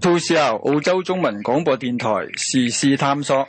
To s 澳洲中文廣播電台時事探索。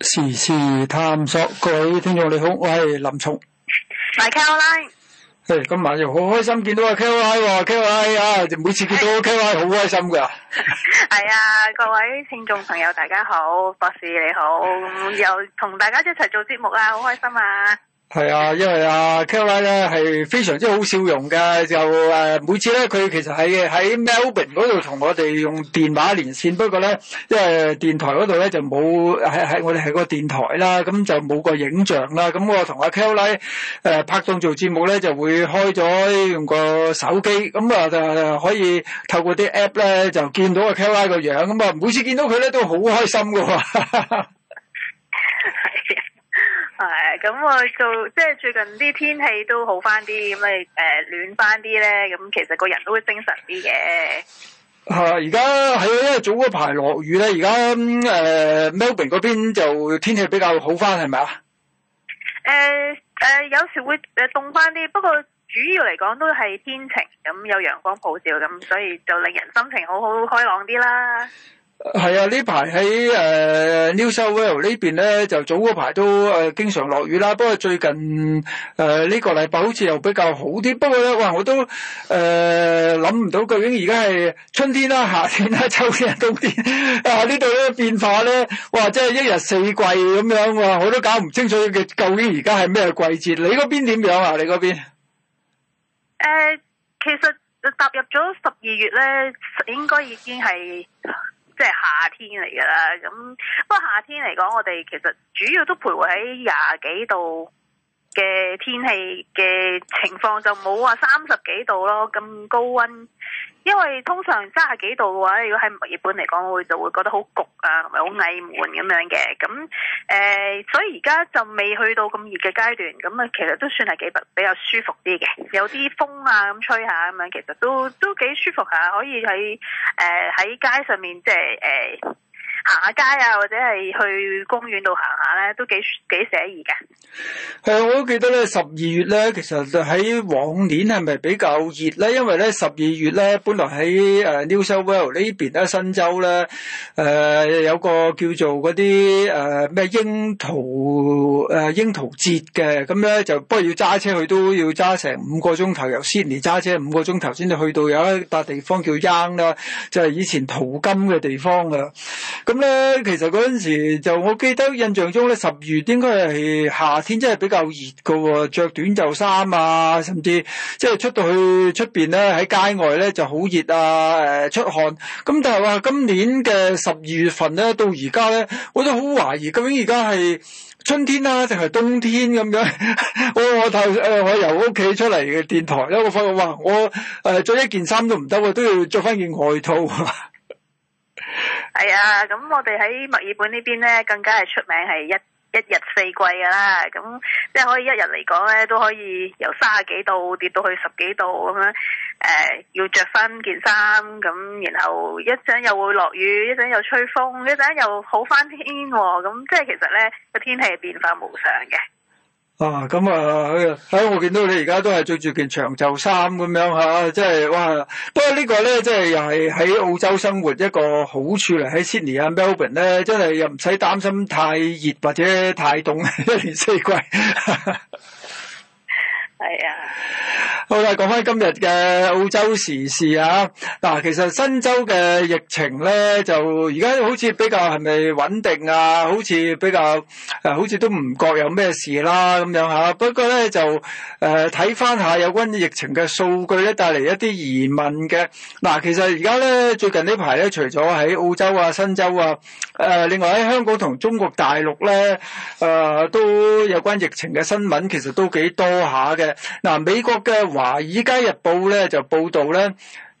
時事探索，各位聽眾你好，我係林松。我係 Caroline，今晚又好開心見到阿 Caroline，Caroline 啊，每次見到 Caroline 好是開心噶。係啊、哎，各位聽眾朋友大家好， 博士你好，又同大家一齊做節目啊，好開心啊！係啊，因為啊 Kelly 咧係非常之好笑容嘅，就誒、呃、每次咧佢其實喺喺 Melbourne 嗰度同我哋用電話連線，不過咧因為電台嗰度咧就冇喺喺我哋係個電台啦，咁就冇個影像啦。咁我同阿 Kelly 誒、呃、拍檔做節目咧就會開咗用個手機，咁啊就、呃、可以透過啲 app 咧就見到阿 Kelly 個樣。咁啊每次見到佢咧都好開心噶喎。係，咁我就即係最近啲天氣都好翻啲，咁你誒暖翻啲咧，咁其實個人都會精神啲嘅。吓，而家喺因為早嗰排落雨咧，而家誒 Melbourne 嗰邊就天氣比較好翻，係咪啊？誒誒、呃呃，有時會誒凍翻啲，不過主要嚟講都係天晴，咁有陽光普照，咁所以就令人心情好好開朗啲啦。係啊，呢排喺誒 New South Wales 呢邊咧，就早嗰排都誒、呃、經常落雨啦。不過最近誒呢、呃這個禮拜好似又比較好啲。不過咧，哇，我都誒諗唔到究竟而家係春天啦、啊、夏天啦、啊、秋天、啊、冬天啊呢度咧變化咧，哇，即係一日四季咁樣啊！我都搞唔清楚佢究竟而家係咩季節。你嗰邊點樣啊？你嗰邊誒，其實踏入咗十二月咧，應該已經係。即係夏天嚟㗎啦，咁不過夏天嚟講，我哋其實主要都徘徊喺廿幾度嘅天氣嘅情況，就冇話三十幾度咯，咁高溫。因為通常三十幾度嘅話，如果喺墨爾本嚟講，我會就會覺得好焗啊，同埋好翳悶咁樣嘅。咁誒、呃，所以而家就未去到咁熱嘅階段，咁啊，其實都算係幾比較舒服啲嘅，有啲風啊咁吹下咁樣，其實都都幾舒服下、啊，可以喺誒喺街上面即係誒。呃行下街啊，或者係去公園度行下咧、啊，都幾幾寫意嘅。誒，我都記得咧，十二月咧，其實喺往年係咪比較熱咧？因為咧，十二月咧，本來喺 New South Wales 呢邊咧，新州咧、呃，有個叫做嗰啲誒咩櫻桃誒、呃、櫻桃節嘅，咁咧就不如要揸車去都要揸成五個鐘頭，由悉尼揸車五個鐘頭先至去到有一笪地方叫 Yang 啦，就係以前淘金嘅地方啊。咁咧，其實嗰陣時就我記得印象中咧，十二月應該係夏天，真係比較熱㗎喎，著短袖衫啊，甚至即係出到去出面咧，喺街外咧就好熱啊、呃，出汗。咁但係話今年嘅十二月份咧，到而家咧，我都好懷疑究竟而家係春天啦、啊，定係冬天咁樣。 我我由、呃、我由屋企出嚟嘅電台咧，我發覺話我誒、呃、着一件衫都唔得喎，都要着翻件外套。 係啊，咁我哋喺墨爾本呢邊呢，更加係出名係一一日四季噶啦，咁即係可以一日嚟講呢，都可以由三十幾度跌到去十幾度咁樣，誒、呃，要着翻件衫咁，然後一陣又會落雨，一陣又吹風，一陣又好翻天、啊，咁即係其實呢個天氣係變化無常嘅。啊，咁啊，喺我見到你而家都係着住件長袖衫咁樣吓，即、啊、係哇！不過呢個咧，即係又係喺澳洲生活一個好處嚟，喺 Sydney 啊 Melbourne 咧，真係又唔使擔心太熱或者太凍，一年四季。哈哈。係啊，好啦，講翻今日嘅澳洲時事啊。嗱、啊，其實新州嘅疫情咧，就而家好似比較係咪穩定啊？好似比較誒、啊，好似都唔覺有咩事啦咁樣吓、啊。不過咧就誒，睇翻下有關疫情嘅數據咧，帶嚟一啲疑問嘅。嗱、啊，其實而家咧最近呢排咧，除咗喺澳洲啊、新州啊，誒、啊，另外喺香港同中國大陸咧，誒、啊，都有關疫情嘅新聞，其實都幾多下嘅。嗱，美國嘅華爾街日報咧，就報道咧。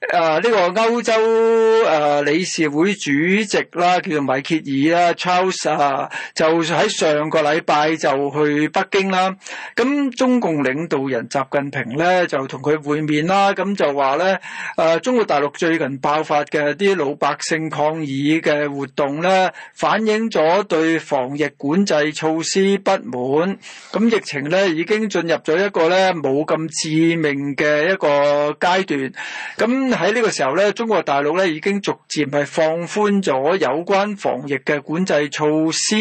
誒，呢個歐洲誒、啊、理事會主席啦，叫做米歇爾啦 Charles、啊、就喺上個禮拜就去北京啦。咁中共領導人習近平咧就同佢會面啦，咁就話咧誒，中國大陸最近爆發嘅啲老百姓抗議嘅活動咧，反映咗對防疫管制措施不滿。咁疫情咧已經進入咗一個咧冇咁致命嘅一個階段。咁喺呢個時候咧，中國大陸咧已經逐漸係放寬咗有關防疫嘅管制措施，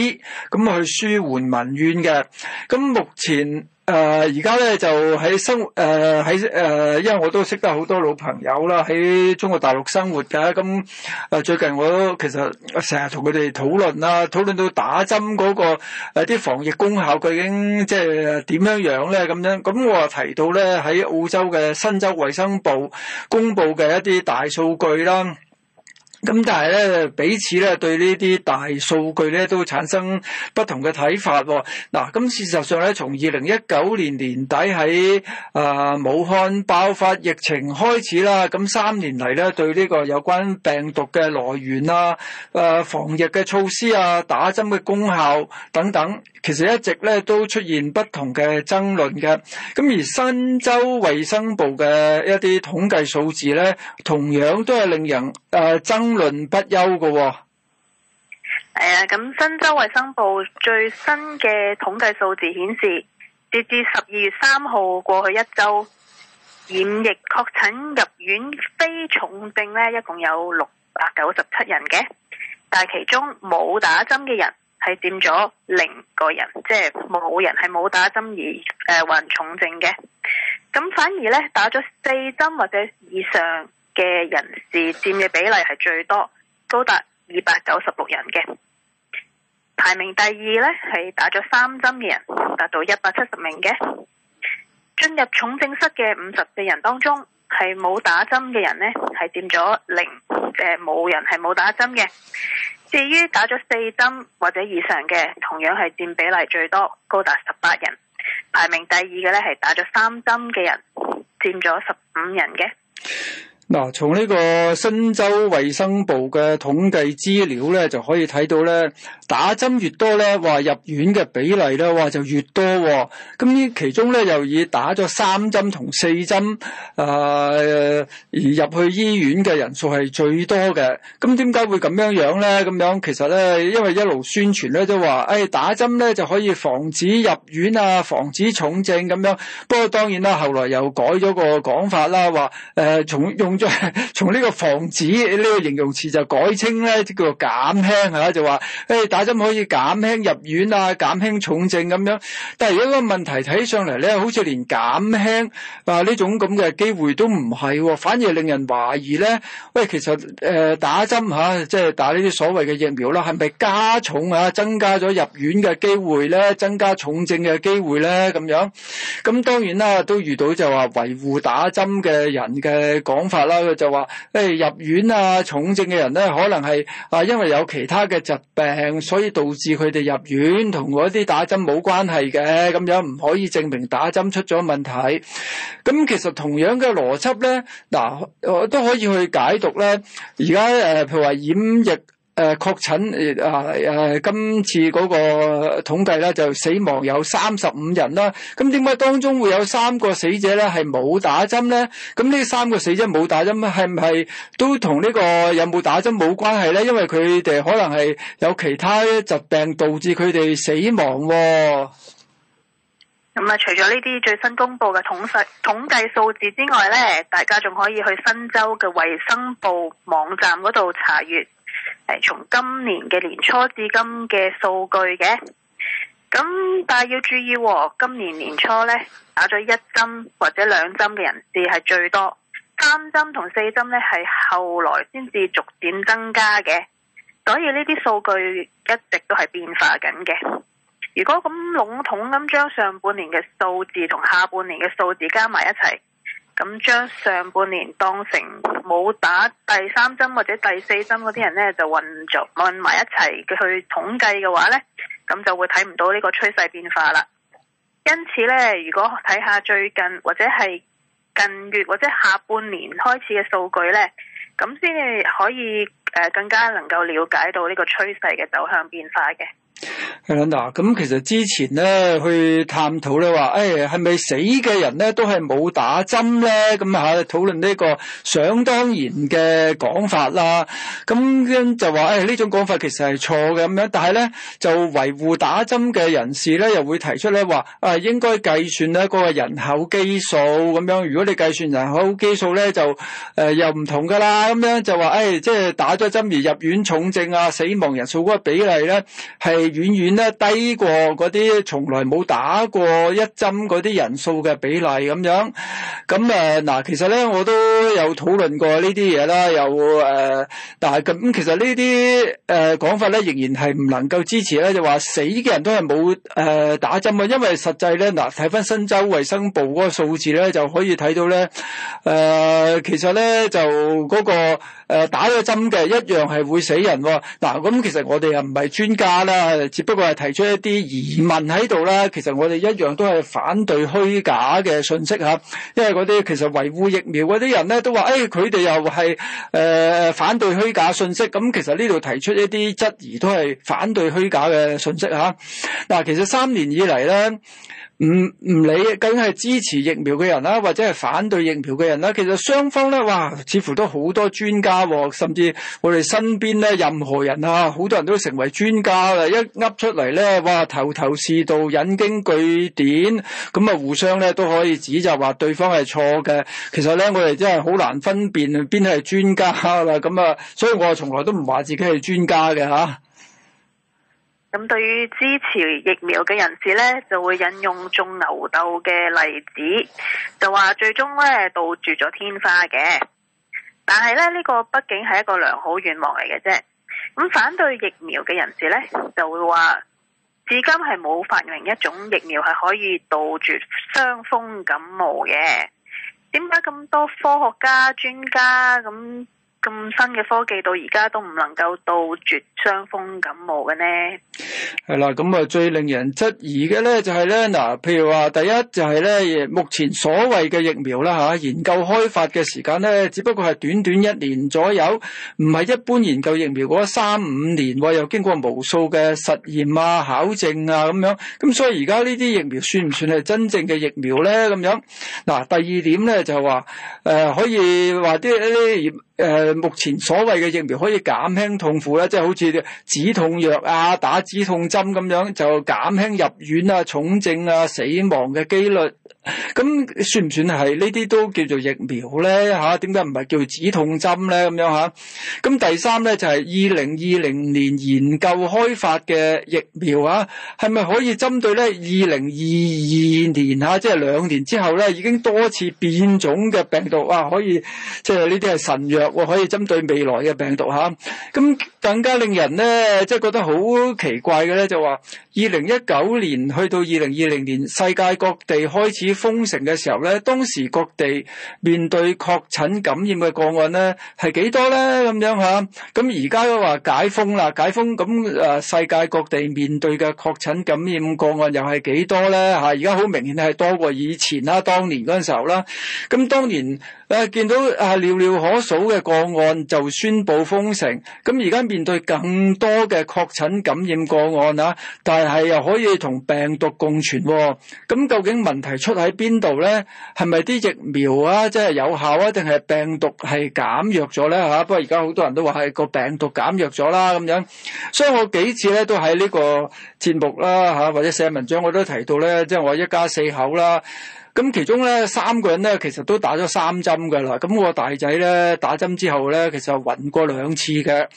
咁去舒緩民怨嘅。咁目前。誒而家咧就喺生活誒喺誒，因為我都識得好多老朋友啦，喺中國大陸生活嘅咁、嗯嗯、最近我都其實成日同佢哋討論啦，討論到打針嗰、個啲、呃、防疫功效究竟即係點樣樣咧咁樣，咁、嗯嗯嗯、我提到咧喺澳洲嘅新州衛生部公布嘅一啲大數據啦。咁但係咧，彼此咧對呢啲大數據咧都產生不同嘅睇法。嗱，咁事實上咧，從二零一九年年底喺啊武漢爆發疫情開始啦，咁三年嚟咧對呢個有關病毒嘅來源啊、誒防疫嘅措施啊、打針嘅功效等等，其實一直咧都出現不同嘅爭論嘅。咁而新州衛生部嘅一啲統計數字咧，同樣都係令人。誒，爭論不休嘅喎。啊，咁新州衛生部最新嘅統計數字顯示，截至十二月三號過去一周染疫確診入院非重症咧，一共有六百九十七人嘅。但係其中冇打針嘅人係佔咗零個人，即係冇人係冇打針而誒患、呃、重症嘅。咁反而咧打咗四針或者以上。嘅人士佔嘅比例係最多，高達二百九十六人嘅。排名第二呢，係打咗三針嘅人，達到一百七十名嘅。進入重症室嘅五十四人當中，係冇打針嘅人呢，係佔咗零嘅，呃、冇人係冇打針嘅。至於打咗四針或者以上嘅，同樣係佔比例最多，高達十八人。排名第二嘅呢，係打咗三針嘅人，佔咗十五人嘅。嗱，從呢個新州衛生部嘅統計資料咧，就可以睇到咧，打針越多咧，話入院嘅比例咧，話就越多，哦。咁呢其中咧，又以打咗三針同四針，誒、呃、而入去醫院嘅人數係最多嘅。咁點解會咁樣呢樣咧？咁樣其實咧，因為一路宣傳咧都話，誒、哎、打針咧就可以防止入院啊，防止重症咁樣。不過當然啦，後來又改咗個講法啦，話誒從用。從呢 個防止呢、這個形容詞就改稱咧，叫做減輕吓，就話誒、欸、打針可以減輕入院啊，減輕重症咁樣。但係如果個問題睇上嚟咧，好似連減輕啊呢種咁嘅機會都唔係、哦，反而令人懷疑咧。喂，其實誒、呃、打針吓、啊，即係打呢啲所謂嘅疫苗啦，係咪加重啊？增加咗入院嘅機會咧，增加重症嘅機會咧咁樣？咁當然啦，都遇到就話維護打針嘅人嘅講法。佢就話誒、哎、入院啊，重症嘅人咧，可能係啊，因為有其他嘅疾病，所以導致佢哋入院，同嗰啲打針冇關係嘅咁樣，唔可以證明打針出咗問題。咁其實同樣嘅邏輯咧，嗱、啊，都可以去解讀咧。而家誒，譬如話染疫。誒確診誒啊，啊今次嗰個統計咧就死亡有三十五人啦。咁點解當中會有三個死者咧係冇打針咧？咁呢三個死者冇打針，係唔係都同呢個有冇打針冇關係咧？因為佢哋可能係有其他疾病導致佢哋死亡。咁啊，除咗呢啲最新公布嘅統率統計數字之外咧，大家仲可以去新州嘅衛生部網站嗰度查閱。係從今年嘅年初至今嘅數據嘅，咁但係要注意喎，今年年初呢，打咗一針或者兩針嘅人士係最多，三針同四針呢，係後來先至逐漸增加嘅，所以呢啲數據一直都係變化緊嘅。如果咁籠統咁將上半年嘅數字同下半年嘅數字加埋一齊。咁將上半年當成冇打第三針或者第四針嗰啲人呢，就混住混埋一齊去統計嘅話呢，咁就會睇唔到呢個趨勢變化啦。因此呢，如果睇下最近或者係近月或者下半年開始嘅數據呢，咁先至可以、呃、更加能夠了解到呢個趨勢嘅走向變化嘅。嗱咁，其實之前咧去探討咧話，誒係咪死嘅人咧都係冇打針咧？咁吓討論呢個想當然嘅講法啦。咁就話，誒呢種講法其實係錯嘅咁樣。但係咧就維護打針嘅人士咧又會提出咧話，誒應該計算咧嗰個人口基數咁樣。如果你計算人口基數咧就誒、呃、又唔同噶啦。咁樣就話誒、哎、即係打咗針而入院重症啊、死亡人數嗰個比例咧係。遠遠咧低過嗰啲從來冇打過一針嗰啲人數嘅比例咁樣，咁誒嗱，其實咧我都有討論過呢啲嘢啦，有，誒、呃，但係咁其實呢啲誒講法咧仍然係唔能夠支持咧，就話死嘅人都係冇誒打針啊，因為實際咧嗱睇翻新州衞生部嗰個數字咧就可以睇到咧，誒、呃、其實咧就嗰個誒打咗針嘅一樣係會死人喎，嗱咁其實我哋又唔係專家啦。誒，只不過係提出一啲疑問喺度啦。其實我哋一樣都係反對虛假嘅信息嚇，因為嗰啲其實維護疫苗嗰啲人咧都話，誒佢哋又係誒、呃、反對虛假信息。咁其實呢度提出一啲質疑都係反對虛假嘅信息嚇。嗱、啊，其實三年以嚟咧。唔唔理，究竟係支持疫苗嘅人啦，或者係反對疫苗嘅人啦，其實雙方咧，哇，似乎都好多專家喎，甚至我哋身邊咧，任何人啊，好多人都成為專家啦，一噏出嚟咧，哇，頭頭是道，引經據典，咁啊，互相咧都可以指責話對方係錯嘅。其實咧，我哋真係好難分辨邊啲係專家啦。咁啊，所以我從來都唔話自己係專家嘅吓。啊咁對於支持疫苗嘅人士呢，就會引用種牛痘嘅例子，就話最終呢杜絕咗天花嘅。但係咧呢、呢個畢竟係一個良好願望嚟嘅啫。咁反對疫苗嘅人士呢，就會話至今係冇發明一種疫苗係可以杜絕傷風感冒嘅。點解咁多科學家專家咁？咁新嘅科技到而家都唔能夠杜絕傷風感冒嘅呢？係啦，咁啊最令人質疑嘅呢，就係呢。嗱，譬如話第一就係呢，目前所謂嘅疫苗啦吓，研究開發嘅時間呢，只不過係短短一年左右，唔係一般研究疫苗嗰三五年，又經過無數嘅實驗啊、考證啊咁樣。咁所以而家呢啲疫苗算唔算係真正嘅疫苗呢？咁樣嗱，第二點呢、就係，就係話誒，可以話啲。誒、呃，目前所謂嘅疫苗可以減輕痛苦啦，即係好似止痛藥啊、打止痛針咁樣，就減輕入院啊、重症啊、死亡嘅機率。咁算唔算係呢啲都叫做疫苗咧？點解唔係叫做止痛針咧？咁樣嚇、啊。咁第三咧就係二零二零年研究開發嘅疫苗啊，係咪可以針對咧二零二二年啊，即係兩年之後咧已經多次變種嘅病毒啊，可以即係呢啲係神藥？我可以針對未來嘅病毒吓咁。更加令人咧，即係覺得好奇怪嘅咧，就話二零一九年去到二零二零年，世界各地開始封城嘅時候咧，當時各地面對確診感染嘅個案咧係幾多咧？咁樣吓，咁而家都話解封啦，解封咁誒世界各地面對嘅確診感染個案又係幾多咧？吓，而家好明顯係多過以前啦，當年嗰陣時候啦，咁當年誒見到啊寥寥可數嘅個案就宣布封城，咁而家，面對更多嘅確診感染個案啊，但係又可以同病毒共存，咁究竟問題出喺邊度咧？係咪啲疫苗啊，即係有效啊？定係病毒係減弱咗咧？嚇！不過而家好多人都話係個病毒減弱咗啦，咁樣。所以我幾次咧都喺呢個節目啦嚇，或者寫文章我都提到咧，即係我一家四口啦。咁其中咧三個人咧，其實都打咗三針噶啦。咁我大仔咧打針之後咧，其實暈過兩次嘅。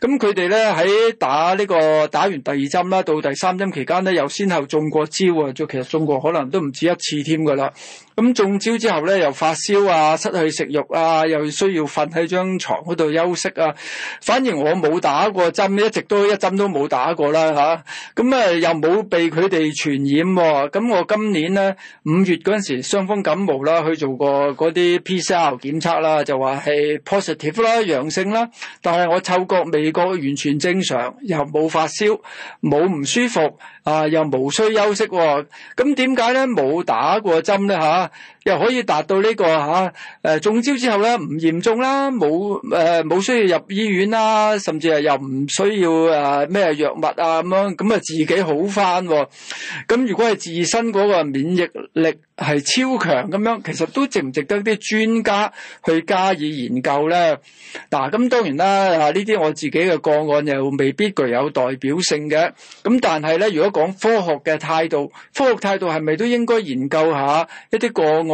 咁佢哋咧喺打呢個打完第二針啦，到第三針期間咧，又先後中過招啊！就其實中過可能都唔止一次添噶啦。咁中招之後咧，又發燒啊，失去食慾啊，又需要瞓喺張床嗰度休息啊。反而我冇打過針，一直都一針都冇打過啦吓，咁啊，又冇被佢哋傳染喎、啊。咁我今年咧五月嗰陣時，傷風感冒啦，去做過嗰啲 PCR 檢測啦，就話係 positive 啦，陽性啦。但係我嗅覺味覺完全正常，又冇發燒，冇唔舒服。啊！又無需休息喎、啊，咁點解咧？冇打過針咧吓。又可以達到呢個嚇、啊、中招之後咧唔嚴重啦，冇、呃、冇需要入醫院啦，甚至係又唔需要咩、啊、藥物啊咁樣，咁啊自己好翻。咁如果係自身嗰個免疫力係超強咁樣，其實都值唔值得啲專家去加以研究咧？嗱、啊，咁當然啦，啊呢啲我自己嘅個案又未必具有代表性嘅。咁但係咧，如果講科學嘅態度，科學態度係咪都應該研究下一啲個案？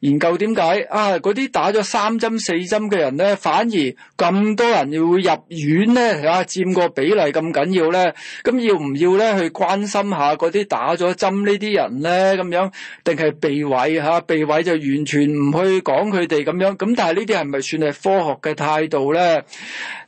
研究點解啊？嗰啲打咗三針四針嘅人咧，反而咁多人要入院咧，啊，佔個比例咁緊要咧？咁要唔要咧去關心下嗰啲打咗針呢啲人咧？咁樣定係避諱吓？避諱、啊、就完全唔去講佢哋咁樣。咁但係呢啲係咪算係科學嘅態度咧？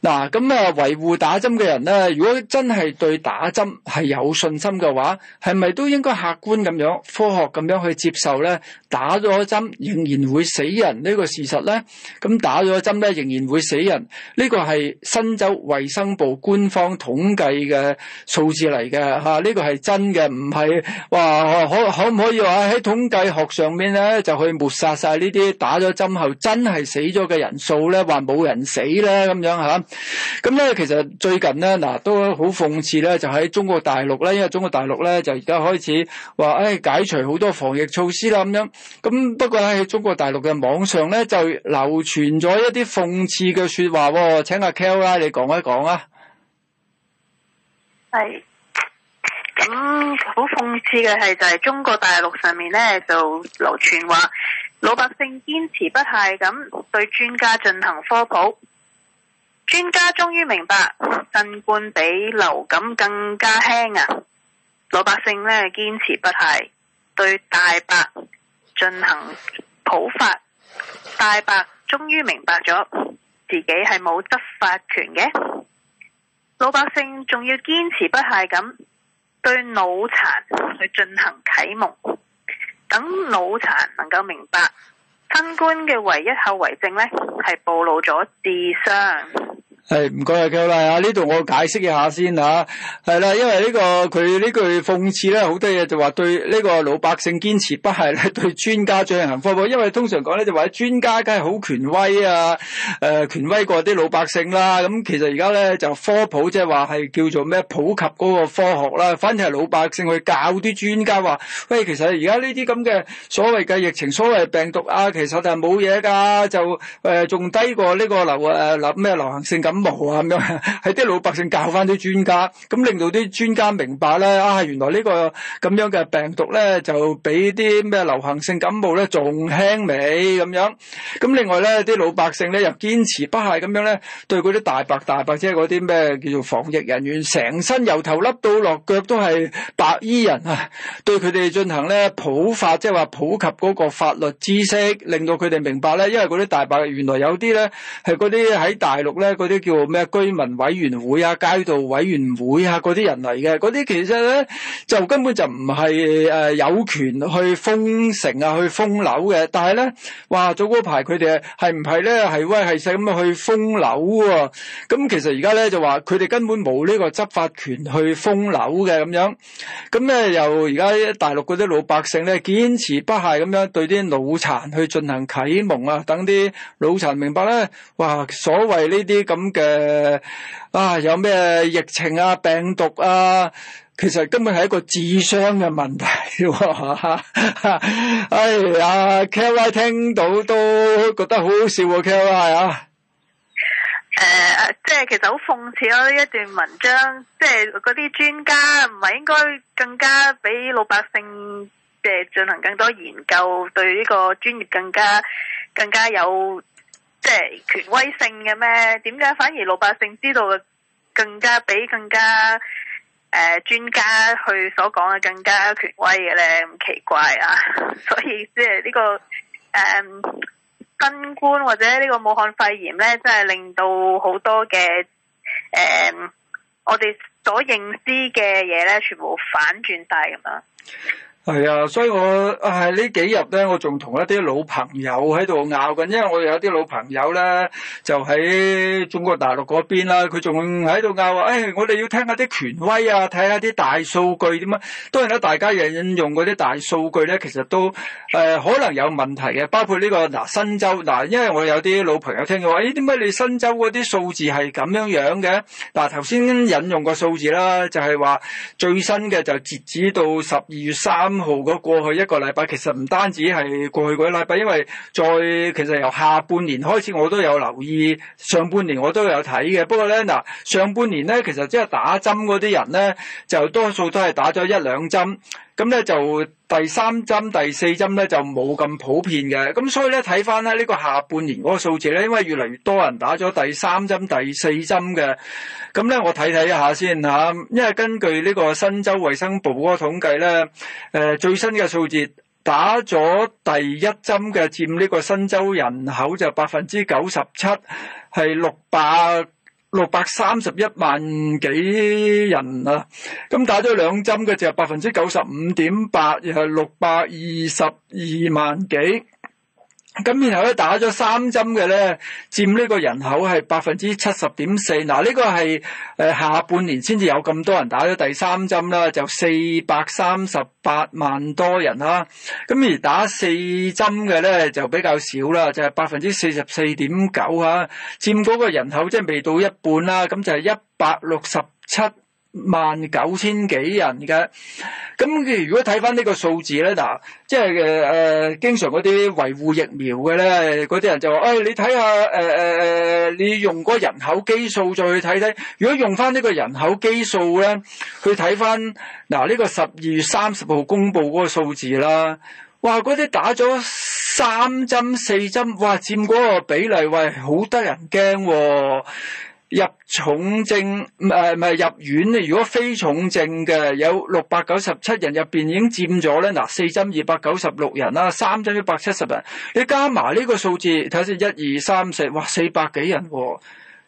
嗱，咁啊，維護、啊、打針嘅人咧，如果真係對打針係有信心嘅話，係咪都應該客觀咁樣、科學咁樣去接受咧？打咗針，仍然會死人呢個事實咧，咁打咗針咧仍然會死人，這個、事實呢個係新州衛生部官方統計嘅數字嚟嘅吓，呢個係真嘅，唔係話可可唔可以話喺統計學上面咧就去抹殺晒呢啲打咗針後真係死咗嘅人數咧，話冇人死咧咁樣吓。咁咧其實最近咧，嗱，都好諷刺咧，就喺、是、中國大陸咧，因為中國大陸咧就而家開始話誒、哎、解除好多防疫措施啦咁樣咁不過。喺中國大陸嘅網上咧，就流傳咗一啲諷刺嘅說話。請阿 Kelly 你講一講啊。係，咁好諷刺嘅係就係中國大陸上面咧就流傳話，老百姓堅持不懈咁對專家進行科普，專家終於明白新冠比流感更加輕啊，老百姓咧堅持不懈對大白。進行普法，大白終於明白咗自己係冇執法權嘅，老百姓仲要堅持不懈咁對腦殘去進行啟蒙，等腦殘能夠明白，新冠嘅唯一後遺症呢，係暴露咗智商。係唔該啊 k 啦。啊，呢度我解釋一下先吓，係啦，因為、這個、呢個佢呢句諷刺咧，好多嘢就話對呢個老百姓堅持不係咧，對專家進行科普。因為通常講咧就話專家梗係好權威啊，誒、呃、權威過啲老百姓啦。咁、嗯、其實而家咧就科普，即係話係叫做咩普及嗰個科學啦，反正係老百姓去教啲專家話，喂，其實而家呢啲咁嘅所謂嘅疫情，所謂病毒啊，其實就係冇嘢噶，就誒仲、呃、低過呢個流誒咩、呃、流行性感冇啊咁樣，係啲老百姓教翻啲專家，咁令到啲專家明白咧啊，原來呢個咁樣嘅病毒咧，就比啲咩流行性感冒咧仲輕微咁樣，咁另外咧，啲老百姓咧又堅持不懈咁樣咧，對嗰啲大白大白即係嗰啲咩叫做防疫人員成身由頭笠到落腳都係白衣人啊，對佢哋進行咧普法，即係話普及嗰個法律知識令到佢哋明白咧，因為嗰啲大白原來有啲咧係嗰啲喺大陸咧嗰啲叫叫咩居民委員會啊、街道委員會啊嗰啲人嚟嘅，嗰啲其實咧就根本就唔係誒有權去封城啊、去封樓嘅。但係咧，哇早嗰排佢哋係唔係咧係威係勢咁樣去封樓喎、啊？咁其實而家咧就話佢哋根本冇呢個執法權去封樓嘅咁樣。咁咧由而家大陸嗰啲老百姓咧堅持不懈咁樣對啲腦殘去進行啟蒙啊，等啲腦殘明白咧，哇所謂呢啲咁嘅。誒，啊，有咩疫情啊、病毒啊，其實根本係一個智商嘅問題、啊啊。哎呀 KY 聽到都覺得好好笑啊 KY 啊。誒、呃，即係其實好諷刺啊呢一段文章，即係嗰啲專家唔係應該更加俾老百姓即係進行更多研究，對呢個專業更加更加有。即係權威性嘅咩？點解反而老百姓知道嘅更加比更加誒、呃、專家去所講嘅更加權威嘅咧？咁奇怪啊！所以即係呢個誒、嗯、新冠或者呢個武漢肺炎咧，真係令到好多嘅誒、嗯、我哋所認知嘅嘢咧，全部反轉晒咁樣。係啊，所以我係、哎、呢幾日咧，我仲同一啲老朋友喺度拗緊，因為我有啲老朋友咧就喺中國大陸嗰邊啦，佢仲喺度拗話，誒、哎，我哋要聽下啲權威啊，睇下啲大數據點啊。當然咧，大家引用嗰啲大數據咧，其實都誒、呃、可能有問題嘅，包括呢、這個嗱、啊、新州嗱、啊，因為我有啲老朋友聽講話，誒、哎，點解你新州嗰啲數字係咁樣樣嘅？嗱、啊，頭先引用個數字啦，就係話最新嘅就截止到十二月三。號嗰，過去一個禮拜，其實唔單止係過去嗰一禮拜，因為再其實由下半年開始，我都有留意，上半年我都有睇嘅。不過咧，嗱，上半年咧，其實即係打針嗰啲人咧，就多數都係打咗一兩針，咁咧就。第三針、第四針咧就冇咁普遍嘅，咁所以咧睇翻喺呢個下半年嗰個數字咧，因為越嚟越多人打咗第三針、第四針嘅，咁咧我睇睇一下先嚇，因為根據呢個新州衞生部嗰個統計咧，誒、呃、最新嘅數字打咗第一針嘅佔呢個新州人口就百分之九十七，係六百。六百三十一萬幾人啊，咁打咗兩針嘅就百分之九十五點八，又係六百二十二萬幾。咁然後咧打咗三針嘅咧，佔呢個人口係百分之七十點四。嗱，呢個係誒下半年先至有咁多人打咗第三針啦，就四百三十八萬多人啦。咁而打四針嘅咧就比較少啦，就係百分之四十四點九啊。佔嗰個人口即係未到一半啦，咁就係一百六十七萬九千幾人嘅，咁如果睇翻呢個數字咧，嗱、啊，即係誒誒，經常嗰啲維護疫苗嘅咧，嗰啲人就話，誒、哎，你睇下，誒、呃、誒、呃，你用個人口基數再去睇睇，如果用翻呢個人口基數咧，去睇翻，嗱、啊，呢、這個十二月三十號公布嗰個數字啦，哇，嗰啲打咗三針四針，哇，佔嗰個比例，喂，好得人驚喎！入重症誒唔係入院咧，如果非重症嘅有六百九十七人入邊已經佔咗咧，嗱四針二百九十六人啦，三針一百七十人，你加埋呢個數字睇下先，一二三四，2, 3, 4, 哇四百幾人喎、哦，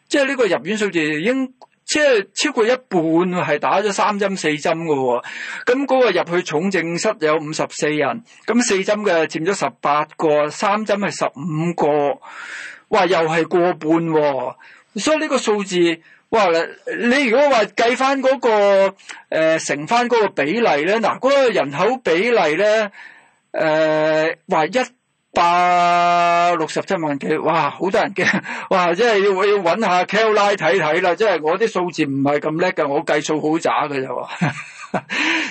即係呢個入院數字已經即係超過一半係打咗三針四針嘅喎，咁嗰個入去重症室有五十四人，咁四針嘅佔咗十八個，三針係十五個，哇又係過半喎、哦。所以呢個數字，哇！你如果話計翻嗰、嗰個，呃、乘翻嗰個比例咧，嗱、嗰、嗰個人口比例咧，誒話一百六十七萬幾，哇！好多、多人驚，哇！即係要要揾下 Kelley 睇睇啦，即係我啲數字唔係咁叻嘅，我計數好渣嘅咋喎！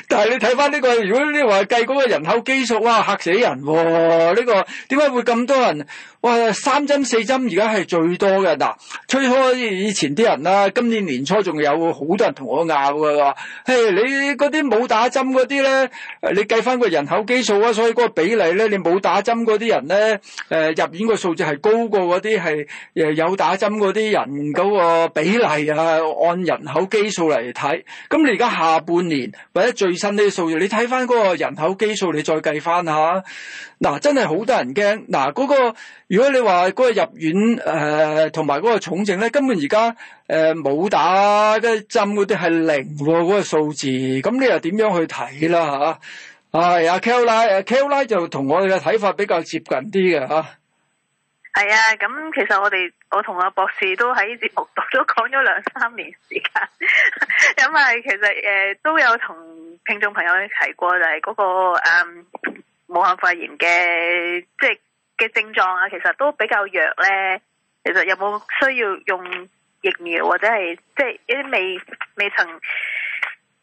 但係你睇翻呢個，如果你話計嗰個人口基數，哇！嚇死人喎！呢、呢個點解會咁多人？哇！三針四針而家係最多嘅嗱，吹開以前啲人啦，今年年初仲有好多人同我拗㗎。話，嘿！你嗰啲冇打針嗰啲咧，你計翻個人口基數啊，所以嗰個比例咧，你冇打針嗰啲人咧、呃，入院個數字係高過嗰啲係有打針嗰啲人嗰個比例啊，按人口基數嚟睇，咁你而家下半年或者最新啲數字，你睇翻嗰個人口基數，你再計翻下，嗱，真係好多人驚嗱嗰個。如果你話嗰個入院誒同埋嗰個重症咧，根本、呃、而家誒冇打嘅針嗰啲係零喎，嗰、那個數字，咁你又點樣去睇啦嚇？係阿 Kelley，Kelley 就同我哋嘅睇法比較接近啲嘅嚇。係啊，咁、啊、其實我哋我同阿博士都喺節目度都講咗兩三年時間， 因為其實誒、呃、都有同聽眾朋友提過就係、是、嗰、那個誒武漢肺炎嘅，即係。嘅症狀啊，其實都比較弱呢。其實有冇需要用疫苗或者係即係一啲未未曾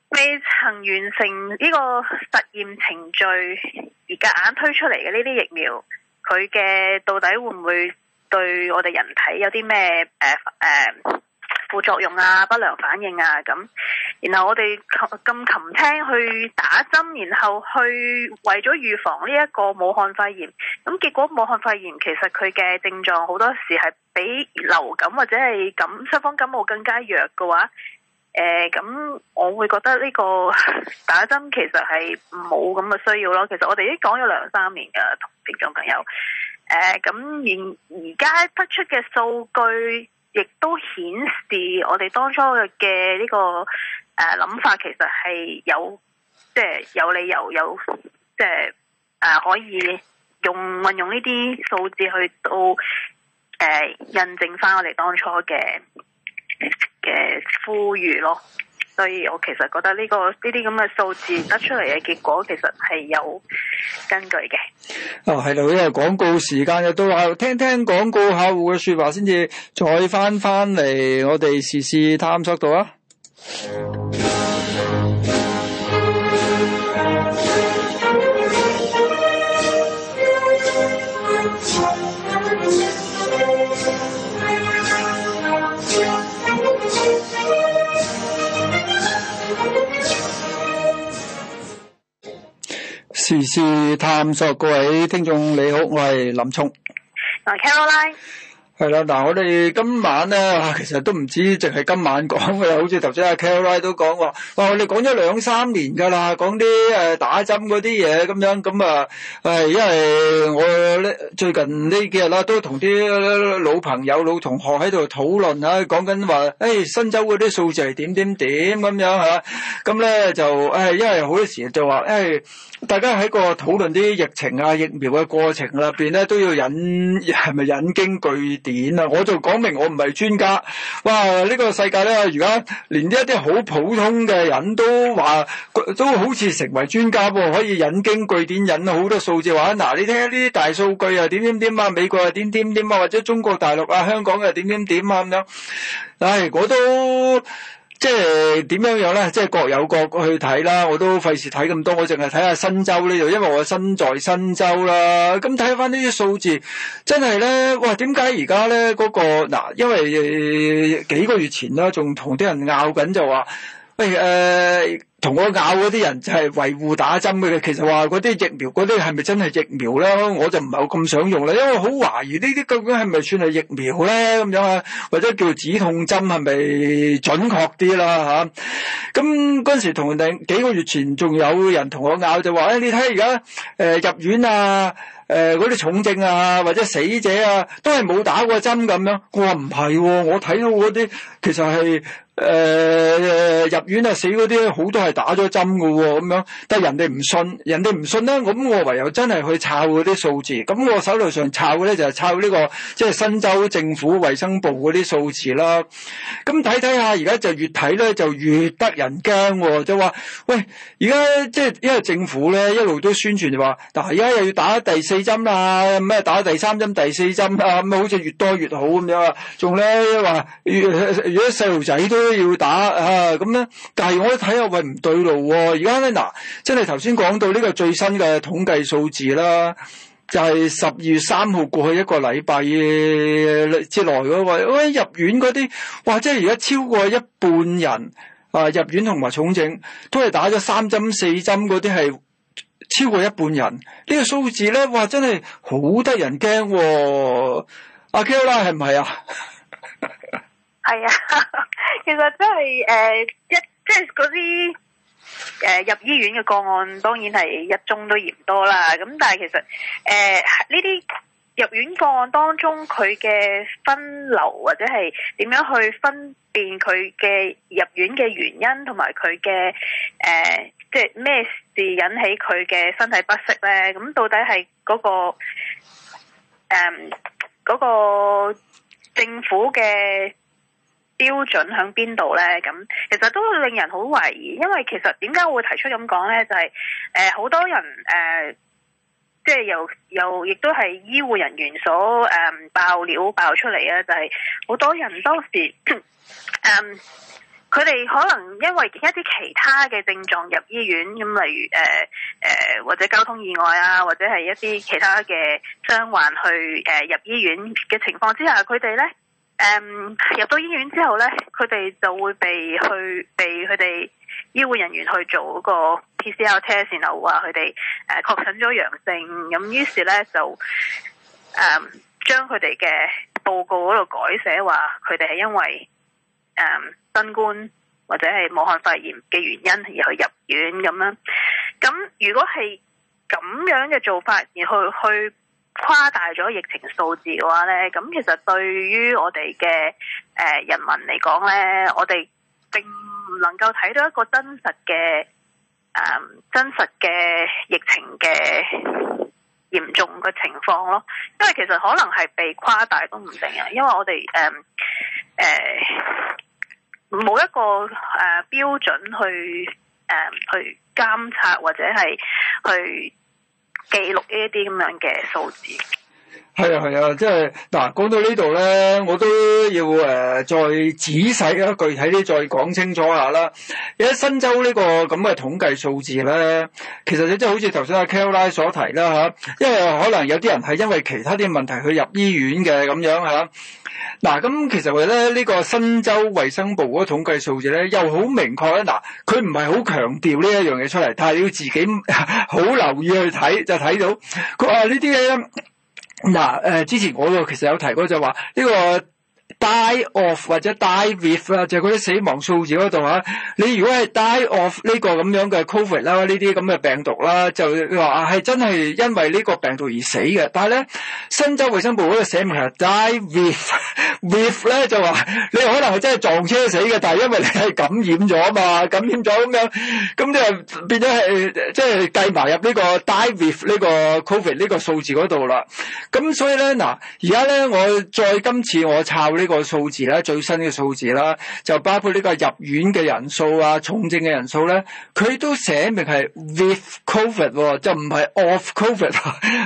未曾完成呢個實驗程序而家硬推出嚟嘅呢啲疫苗，佢嘅到底會唔會對我哋人體有啲咩誒誒？副作用啊，不良反應啊，咁，然後我哋咁琴聽去打針，然後去為咗預防呢一個武漢肺炎，咁結果武漢肺炎其實佢嘅症狀好多時係比流感或者係感傷風感冒更加弱嘅話，誒、呃，咁我會覺得呢個打針其實係冇咁嘅需要咯。其實我哋已經講咗兩三年噶聽眾朋友，誒，咁而而家得出嘅數據。亦都顯示我哋當初嘅呢、呢個呃、諗法，其實係有即係有理由有，有即係、呃、可以用運用呢啲數字去到、呃、印證翻我哋當初嘅嘅呼籲咯。所以我其實覺得呢個呢啲咁嘅數字得出嚟嘅結果，其實係有根據嘅。哦，係啦，因為廣告時間又到啦，聽聽廣告客戶嘅說話先至再翻翻嚟，我哋時事探索到啊。時事探索，各位聽眾，你好，我係林聰。我係 Caroline。係啦，嗱、啊，我哋今晚咧，其實都唔止淨係今晚講噶啦，好似頭先阿 k r i 都講話，話、哦、我哋講咗兩三年噶啦，講啲誒打針嗰啲嘢咁樣，咁啊，因為我最近呢幾日啦，都同啲老朋友、老同學喺度討論啊。講緊話，誒、哎，新州嗰啲數字係點點點咁樣吓，咁咧就誒，因為好多時候就話，誒、哎，大家喺個討論啲疫情啊、疫苗嘅過程入邊咧，都要引係咪引經據典我就講明我唔係專家。哇！呢個世界咧，而家連一啲好普通嘅人都話，都好似成為專家噃，可以引經據典，引好多數字話。嗱，你聽下呢啲大數據啊，點點點啊，美國又，點點點啊，或者中國大陸啊、香港又，點點點啊咁樣。唉，我都。即係點樣樣咧？即係各有各去睇啦。我都費事睇咁多，我淨係睇下新州呢度，因為我身在新州啦。咁睇翻呢啲數字，真係咧，哇！點解而家咧嗰個嗱？因為幾個月前啦，仲同啲人拗緊就話。誒，同、哎呃、我拗嗰啲人就係維護打針嘅，其實話嗰啲疫苗嗰啲係咪真係疫苗咧？我就唔係好咁想用啦，因為好懷疑呢啲究竟係咪算係疫苗咧？咁樣啊，或者叫止痛針係咪準確啲啦？吓、啊，咁嗰陣時同人哋幾個月前仲有人同我拗，就話，誒，你睇而家誒入院啊，誒嗰啲重症啊，或者死者啊，都係冇打過針咁樣。我話唔係喎，我睇到嗰啲其實係。誒、呃、入院啊，死嗰啲好多係打咗針嘅喎、哦，咁樣，但係人哋唔信，人哋唔信啦，咁我唯有真係去抄嗰啲數字，咁我手頭上抄嘅咧就係抄呢個即係、就是、新州政府衛生部嗰啲數字啦，咁睇睇下而家就越睇咧就越得人驚喎、哦，就話喂而家即係因為政府咧一路都宣傳就話，嗱而家又要打第四針啦，咩打第三針第四針啊，咁好似越多越好咁樣啊，仲咧話如果細路仔都。都要打啊咁咧，但係我一睇下喂唔對路喎、哦。而家咧嗱，真係頭先講到呢個最新嘅統計數字啦，就係十二月三號過去一個禮拜之內嗰、那個喂入院嗰啲，哇！即係而家超過一半人啊入院同埋重症都係打咗三針四針嗰啲，係超過一半人。呢、啊這個數字咧，哇！真係好得人驚。阿 Kelly 係唔係啊？係啊、哎，其實真係誒，一即係嗰啲誒入醫院嘅個案，當然係一宗都嫌多啦。咁但係其實誒呢啲入院個案當中，佢嘅分流或者係點樣去分辨佢嘅入院嘅原因，同埋佢嘅誒即係咩事引起佢嘅身體不適咧？咁到底係嗰、嗰個誒嗰、呃嗰個政府嘅。標準喺邊度呢？咁其實都令人好懷疑，因為其實點解會提出咁講呢？就係、是、誒，好、呃、多人誒，即係又又亦都係醫護人員所誒、呃、爆料爆出嚟啊！就係、是、好多人當時佢哋、呃、可能因為一啲其他嘅症狀入醫院咁，例如誒誒或者交通意外啊，或者係一啲其他嘅傷患去誒、呃、入醫院嘅情況之下，佢哋呢。誒，um, 入到醫院之後咧，佢哋就會被去，被佢哋醫護人員去做個 PCR test 然後話佢哋誒確診咗陽性，咁於是咧，就誒將佢哋嘅報告度改寫，話佢哋係因為誒、um, 新冠或者係武漢肺炎嘅原因而去入院咁樣。咁如果係咁樣嘅做法，而去去。誇大咗疫情數字嘅話咧，咁其實對於我哋嘅誒人民嚟講咧，我哋並唔能夠睇到一個真實嘅誒、呃、真實嘅疫情嘅嚴重嘅情況咯。因為其實可能係被誇大都唔定啊，因為我哋誒誒冇一個誒、呃、標準去誒、呃、去監察或者係去。記錄呢一啲咁樣嘅數字。係啊，係啊，即係嗱，講到呢度咧，我都要誒、呃、再仔細啊，具體啲再講清楚下啦。而家新州呢、這個咁嘅統計數字咧，其實即係好似頭先阿 k e l l e 所提啦吓、啊，因為可能有啲人係因為其他啲問題去入醫院嘅咁樣吓。嗱、啊，咁其實咧呢、這個新州衛生部嗰個統計數字咧，又好明確啦。嗱、啊，佢唔係好強調呢一樣嘢出嚟，但係要自己好留意去睇，就睇到佢話呢啲嘢嗱，誒、嗯呃、之前我個其實有提過就話，呢個。die of 或者 die with 啊，就係啲死亡數字度啊。你如果係 die of 呢個咁樣嘅 covid 啦，呢啲咁嘅病毒啦，就話啊係真係因為呢個病毒而死嘅。但係咧，新州衛生部個寫法係 die with with 咧，就話你可能係真係撞車死嘅，但係因為你係感染咗啊嘛，感染咗咁樣，咁你又變咗係即係計埋入呢個 die with 呢個 covid 呢個數字度啦。咁所以咧，嗱，而家咧我再今次我抄呢。這個數字咧，最新嘅數字啦，就包括呢個入院嘅人數啊、重症嘅人數咧，佢都寫明係 with covid，就唔係 off covid，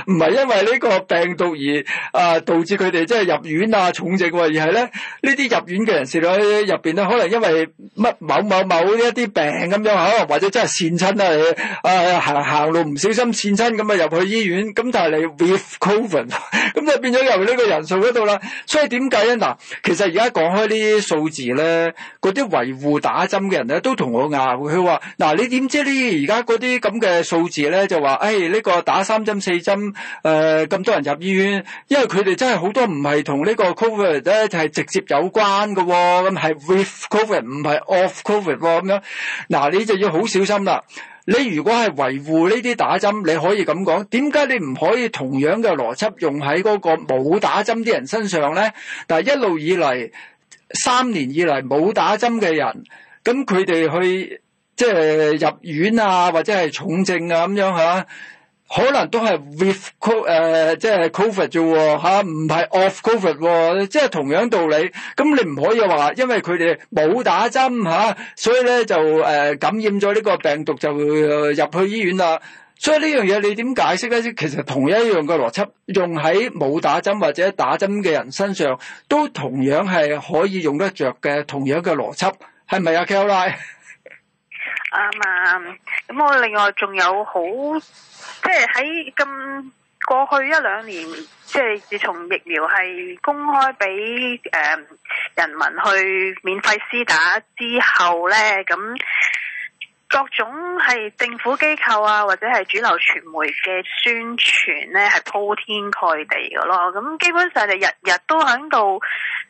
唔係因為呢個病毒而啊導致佢哋即係入院啊、重症，而係咧呢啲入院嘅人士咧，入邊咧可能因為乜某某某呢一啲病咁樣可能或者真係跣親啊行行路唔小心跣親咁啊入去醫院，咁但係你 with covid，咁就變咗由呢個人數嗰度啦。所以點解咧嗱？其實而家講開呢啲數字咧，嗰啲維護打針嘅人咧都同我拗，佢話嗱你點知呢？而家嗰啲咁嘅數字咧就話，誒呢個打三針四針，誒咁多人入醫院，因為佢哋真係好多唔係同呢個 covid 咧，就係直接有關噶喎，咁係 with covid 唔係 off covid 咁樣，嗱你就要好小心啦。你如果係維護呢啲打針，你可以咁講，點解你唔可以同樣嘅邏輯用喺嗰個冇打針啲人身上咧？但係一路以嚟三年以嚟冇打針嘅人，咁佢哋去即係、就是、入院啊，或者係重症啊咁樣嚇。可能都係 with co 即係 COVID 啫、啊、喎，唔係 off COVID 喎，即係、啊啊、同樣道理。咁你唔可以話，因為佢哋冇打針吓、啊，所以咧就感染咗呢個病毒就入去醫院啦。所以呢樣嘢你點解釋咧？其實同一樣嘅邏輯，用喺冇打針或者打針嘅人身上，都同樣係可以用得著嘅，同樣嘅邏輯，係咪啊 k e l i 啱阿，咁我另外仲有好。即係喺咁過去一兩年，即係自從疫苗係公開俾人民去免費施打之後呢，咁各種係政府機構啊，或者係主流傳媒嘅宣傳呢，係鋪天蓋地嘅咯。咁基本上就日日都喺度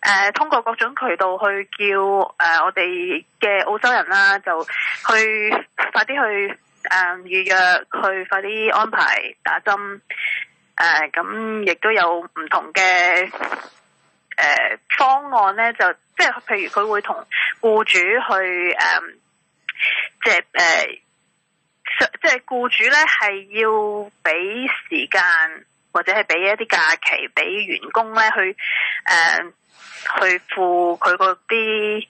誒，通過各種渠道去叫、呃、我哋嘅澳洲人啦、啊，就去快啲去。誒，預約佢快啲安排打針。誒、呃，咁亦都有唔同嘅誒、呃、方案咧，就即係譬如佢會同僱主去誒，即係誒，即係僱主咧係要俾時間或者係俾一啲假期俾員工咧去誒、呃，去付佢嗰啲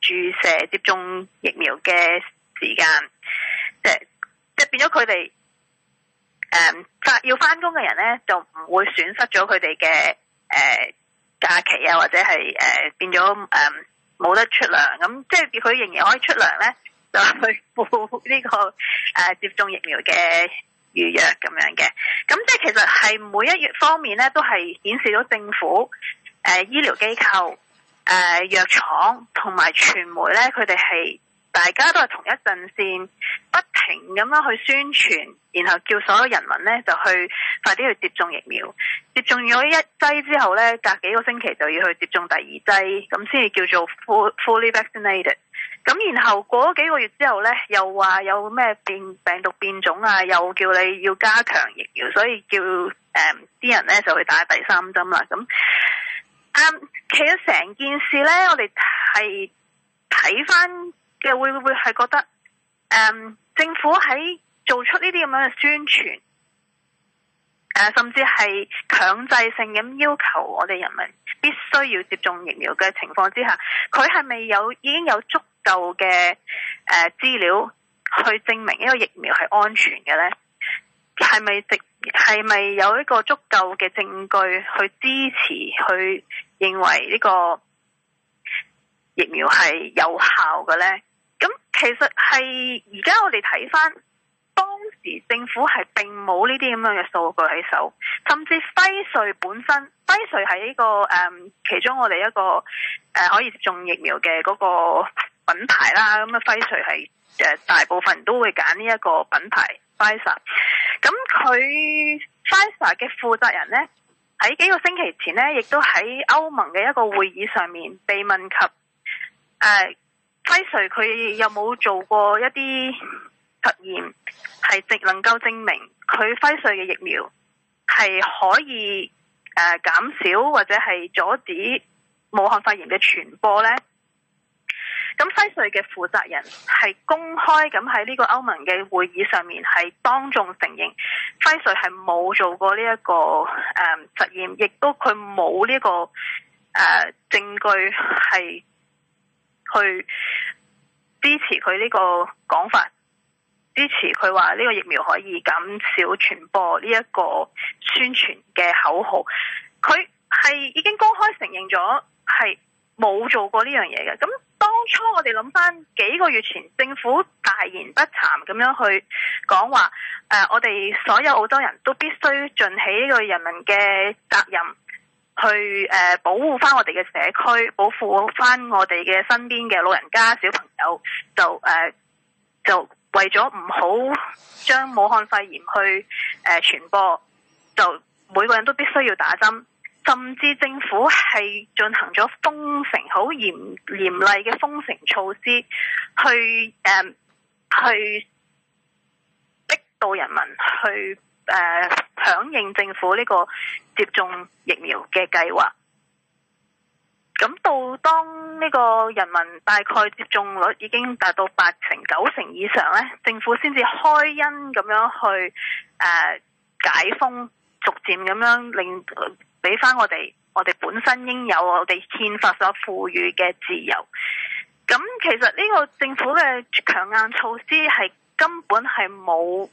注射接種疫苗嘅時間。即係變咗佢哋誒，翻、呃、要翻工嘅人咧，就唔會損失咗佢哋嘅誒假期啊，或者係誒、呃、變咗誒冇得出糧咁，即係佢仍然可以出糧咧，就去報呢個誒、呃、接種疫苗嘅預約咁樣嘅。咁即係其實係每一月方面咧，都係顯示咗政府、誒、呃、醫療機構、誒藥廠同埋傳媒咧，佢哋係。大家都係同一陣線，不停咁樣去宣傳，然後叫所有人民呢就去快啲去接種疫苗。接種咗一劑之後呢，隔幾個星期就要去接種第二劑，咁先至叫做 fully vaccinated。咁然後過咗幾個月之後呢，又話有咩病毒變種啊，又叫你要加強疫苗，所以叫啲、um, 人呢就去打第三針啦。咁、um, 其實成件事呢，我哋係睇翻。即係會會係覺得，誒、嗯，政府喺做出呢啲咁樣嘅宣傳，誒、呃，甚至係強制性咁要求我哋人民必須要接種疫苗嘅情況之下，佢係咪有已經有足夠嘅誒資料去證明呢個疫苗係安全嘅咧？係咪直係咪有一個足夠嘅證據去支持去認為呢個疫苗係有效嘅咧？其實係而家我哋睇翻，當時政府係並冇呢啲咁樣嘅數據喺手，甚至輝瑞本身，輝瑞係呢個誒、嗯、其中我哋一個誒、呃、可以接種疫苗嘅嗰個品牌啦。咁啊，輝瑞係誒大部分人都會揀呢一個品牌，Fisa，咁佢 Fisa 嘅負責人咧，喺幾個星期前咧，亦都喺歐盟嘅一個會議上面被問及誒。呃輝瑞佢有冇做過一啲實驗，係直能夠證明佢輝瑞嘅疫苗係可以誒、呃、減少或者係阻止武漢肺炎嘅傳播咧？咁輝瑞嘅負責人係公開咁喺呢個歐盟嘅會議上面係當眾承認，輝瑞係冇做過呢、這、一個誒、呃、實驗，亦都佢冇呢一個誒、呃、證據係。去支持佢呢個講法，支持佢話呢個疫苗可以減少傳播呢一個宣傳嘅口號，佢係已經公開承認咗係冇做過呢樣嘢嘅。咁當初我哋諗翻幾個月前，政府大言不慚咁樣去講話，誒，我哋所有澳洲人都必須盡起呢個人民嘅責任。去誒、呃、保護翻我哋嘅社區，保護翻我哋嘅身邊嘅老人家、小朋友，就誒、呃、就為咗唔好將武漢肺炎去誒、呃、傳播，就每個人都必須要打針，甚至政府係進行咗封城，好嚴嚴厲嘅封城措施去、呃，去誒去逼到人民去誒響、呃、應政府呢、呢個接種疫苗嘅計劃，咁到當呢個人民大概接種率已經達到八成、九成以上，呢政府先至開恩咁樣去誒、呃、解封，逐漸咁樣令俾翻我哋我哋本身應有我哋憲法所賦予嘅自由。咁其實呢個政府嘅強硬措施係根本係冇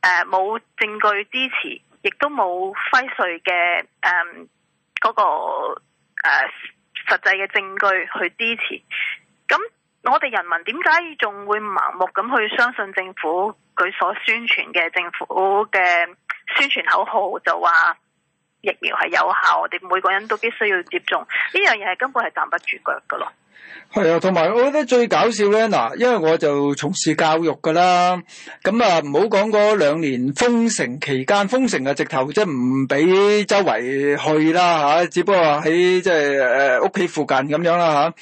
誒冇證據支持。亦都冇輝瑞嘅誒嗰個、呃、實際嘅證據去支持，咁我哋人民點解仲會盲目咁去相信政府佢所宣傳嘅政府嘅宣傳口號就話疫苗係有效，我哋每個人都必須要接種呢樣嘢，係根本係站不住腳噶咯。係啊，同埋我覺得最搞笑咧，嗱，因為我就從事教育噶啦，咁啊唔好講嗰兩年封城期間封城啊，直頭即係唔俾周圍去啦吓，只不過喺即係誒屋企附近咁樣啦吓。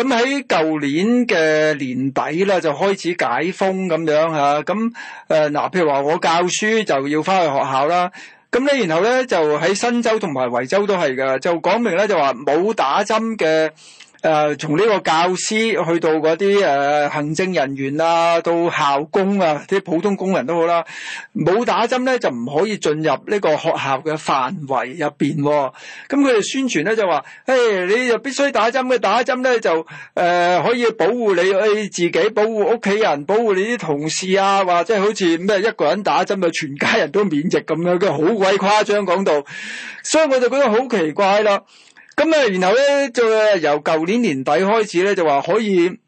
咁喺舊年嘅年底咧，就開始解封咁樣吓，咁誒嗱，譬如話我教書就要翻去學校啦，咁咧然後咧就喺新州同埋維州都係噶，就講明咧就話冇打針嘅。誒，從呢、呃、個教師去到嗰啲誒行政人員啊，到校工啊，啲普通工人都好啦，啊，冇打針咧就唔可以進入呢個學校嘅範圍入邊。咁佢哋宣傳咧就話：誒，你就必須打針嘅，打針咧就誒、呃、可以保護你，誒自己保護屋企人，保護你啲同事啊，或者好似咩一個人打針就全家人都免疫咁樣，佢好鬼誇張講到，所以我就覺得好奇怪啦。咁然後咧，就由舊年年底開始咧，就話可以。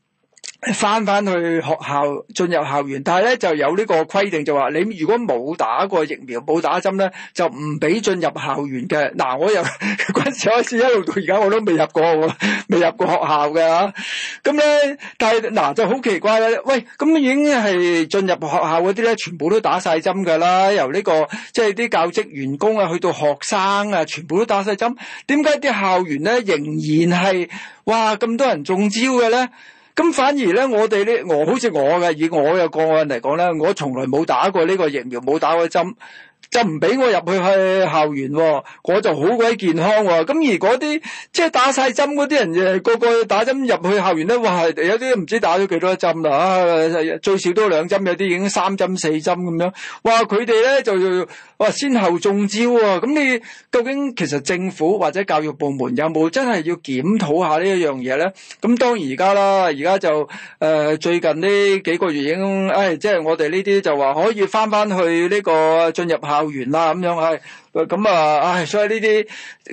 翻翻去學校，進入校園，但係咧就有呢個規定就，就話你如果冇打過疫苗，冇打針咧，就唔俾進入校園嘅。嗱，我由嗰時 開始一路到而家，我都未入過，未入過學校嘅。咁咧，但係嗱就好奇怪啦。喂，咁已經係進入學校嗰啲咧，全部都打晒針噶啦。由呢、這個即係啲教職員工啊，去到學生啊，全部都打晒針。點解啲校園咧仍然係哇咁多人中招嘅咧？咁反而咧，我哋呢我好似我嘅，以我嘅個案嚟講咧，我從來冇打過呢個疫苗，冇打過針，就唔俾我入去去校園喎，我就好鬼健康喎。咁而嗰啲即係打曬針嗰啲人誒，個個打針入去校園咧，話係，有啲唔知打咗幾多針啦，啊最少都兩針，有啲已經三針四針咁樣，哇佢哋咧就要。哇！先後中招喎，啊，咁你究竟其實政府或者教育部門有冇真係要檢討下呢一樣嘢咧？咁當然而家啦，而家就、呃、最近呢幾個月已經，誒即係我哋呢啲就話可以翻翻去呢個進入校園啦咁樣係，咁啊，唉、嗯哎，所以呢啲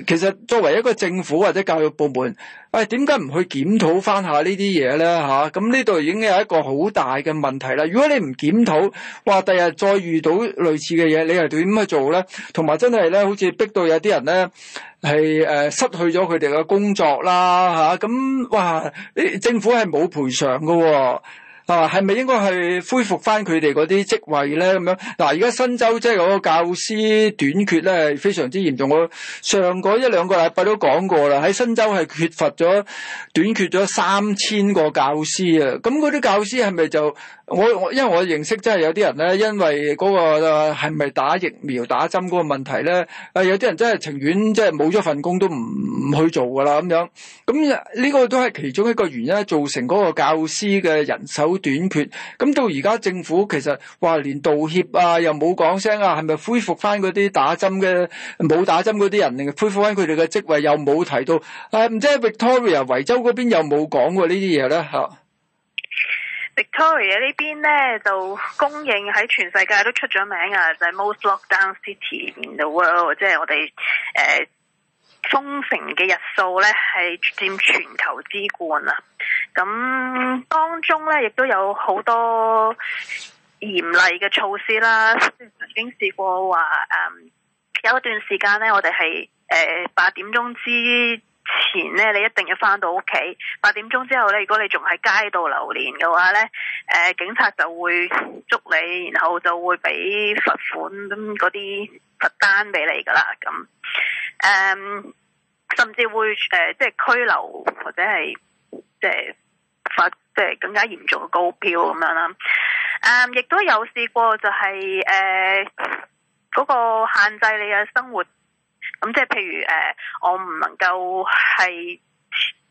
其實作為一個政府或者教育部門。誒，點解唔去檢討翻下呢啲嘢咧？吓、啊，咁呢度已經有一個好大嘅問題啦。如果你唔檢討，話第日再遇到類似嘅嘢，你係點去做咧？同埋真係咧，好似逼到有啲人咧係誒失去咗佢哋嘅工作啦，吓、啊、咁、啊、哇，政府係冇賠償噶。啊，係咪應該係恢復返佢哋嗰啲職位咧？咁樣嗱，而、啊、家新州即係嗰個教師短缺咧，係非常之嚴重。我上個一兩個禮拜都講過啦，喺新州係缺乏咗、短缺咗三千個教師啊。咁嗰啲教師係咪就？我我，因為我認識真係有啲人咧，因為嗰、嗰個係咪打疫苗打針嗰個問題咧，誒有啲人真係情願即係冇咗份工都唔唔去做噶啦咁樣，咁呢個都係其中一個原因造成嗰個教師嘅人手短缺。咁到而家政府其實話連道歉啊，又冇講聲啊，係咪恢復翻嗰啲打針嘅冇打針嗰啲人，恢復翻佢哋嘅職位又冇提到，誒、啊、唔知 Victoria 維州嗰邊又冇講過呢啲嘢？咧吓。Victoria 這邊呢邊咧就供應喺全世界都出咗名啊，就係 most lockdown city in the world，即係我哋誒、呃、封城嘅日數咧係佔全球之冠啊！咁當中咧亦都有好多嚴厲嘅措施啦，曾經試過話誒、嗯、有一段時間咧我哋係誒八點鐘之。前咧，你一定要翻到屋企。八點鐘之後咧，如果你仲喺街度流連嘅話咧，誒、呃，警察就會捉你，然後就會俾罰款嗰啲罰單俾你噶啦。咁誒、嗯，甚至會誒，即、呃、係、就是、拘留或者係即係罰，即、就、係、是就是、更加嚴重嘅高票咁樣啦。誒、嗯，亦都有試過就係、是、誒，嗰、呃那個限制你嘅生活。咁即係譬如誒、呃，我唔能夠係，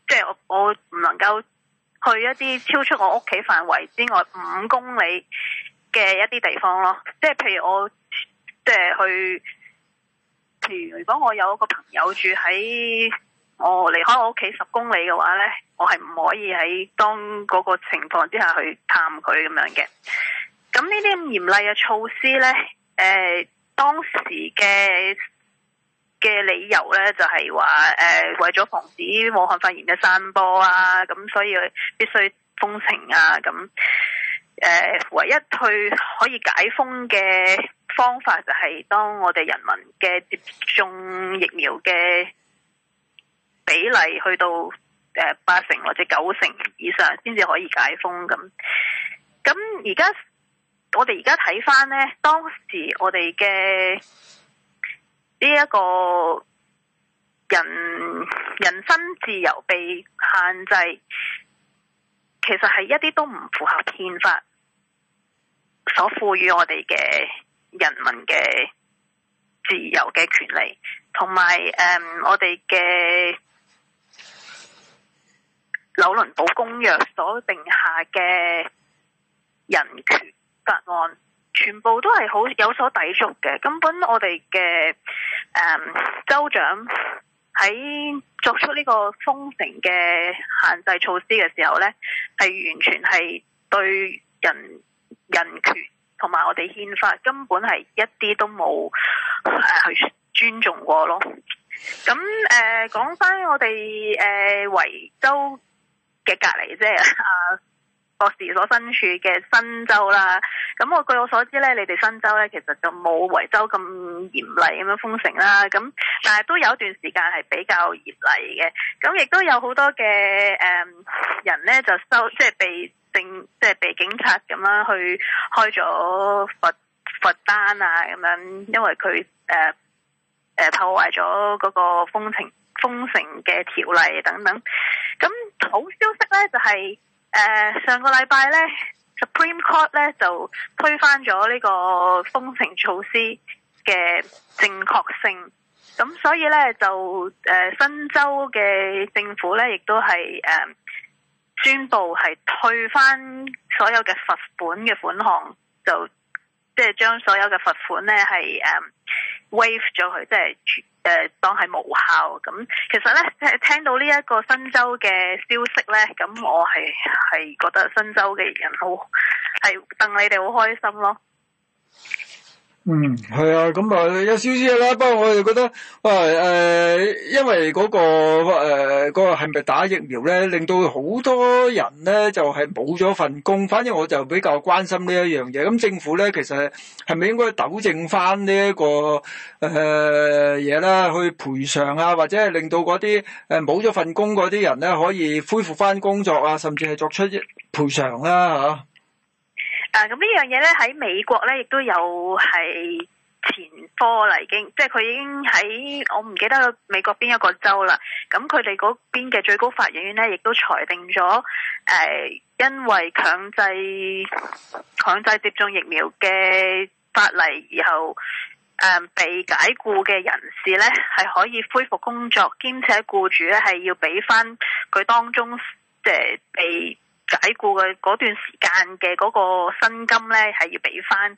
即係我我唔能夠去一啲超出我屋企範圍之外五公里嘅一啲地方咯。即係譬如我即係去，譬如如果我有一個朋友住喺我離開我屋企十公里嘅話咧，我係唔可以喺當嗰個情況之下去探佢咁樣嘅。咁呢啲咁嚴厲嘅措施咧，誒、呃，當時嘅。嘅理由咧，就係話誒，為咗防止武漢肺炎嘅散播啊，咁所以必須封城啊，咁誒、呃，唯一去可以解封嘅方法就係，當我哋人民嘅接種疫苗嘅比例去到誒八成或者九成以上，先至可以解封咁。咁而家我哋而家睇翻咧，當時我哋嘅。呢一個人人身自由被限制，其實係一啲都唔符合憲法所賦予我哋嘅人民嘅自由嘅權利，同埋誒我哋嘅《紐倫堡公約》所定下嘅人權法案。全部都係好有所抵觸嘅，根本我哋嘅誒州長喺作出呢個封城嘅限制措施嘅時候呢，係完全係對人人權同埋我哋憲法根本係一啲都冇去、呃、尊重過咯。咁誒講翻我哋誒維州嘅隔籬，啫。啊。博士所身處嘅新州啦，咁我據我所知呢，你哋新州呢，其實就冇維州咁嚴厲咁樣封城啦，咁但係都有段時間係比較嚴厲嘅，咁亦都有好多嘅誒人呢，就收即係被警即係被警察咁樣去開咗罰罰單啊咁樣，因為佢誒誒破壞咗嗰個封城封城嘅條例等等。咁好消息呢，就係、是。誒，uh, 上個禮拜咧，Supreme Court 咧就推翻咗呢個封城措施嘅正確性，咁所以咧就誒、uh, 新州嘅政府咧亦都係誒宣布係退翻所有嘅罰款嘅款項，就即係將所有嘅罰款咧係誒 waive 咗佢，即係。誒當係無效，咁其實呢聽到呢一個新州嘅消息呢，咁我係係覺得新州嘅人好係戥你哋好開心咯。嗯，係啊，咁、嗯、啊有少少啦，不過我就覺得，哇、呃、誒，因為嗰、嗰個誒、呃嗰個係咪打疫苗咧，令到好多人咧就係冇咗份工。反正我就比較關心呢一樣嘢。咁政府咧，其實係咪應該糾正翻、這個呃、呢一個誒嘢咧，去賠償啊，或者係令到嗰啲誒冇咗份工嗰啲人咧，可以恢復翻工作啊，甚至係作出賠償啦，吓。誒，咁、啊、呢樣嘢咧喺美國咧，亦都有係前科啦，已經，即係佢已經喺我唔記得美國邊一個州啦。咁佢哋嗰邊嘅最高法院呢，咧，亦都裁定咗，誒、呃，因為強制強制接種疫苗嘅法例，然後誒被解僱嘅人士咧，係可以恢復工作，兼且僱主咧係要俾翻佢當中即係、呃、被。解僱嘅嗰段時間嘅嗰個薪金咧，係要俾翻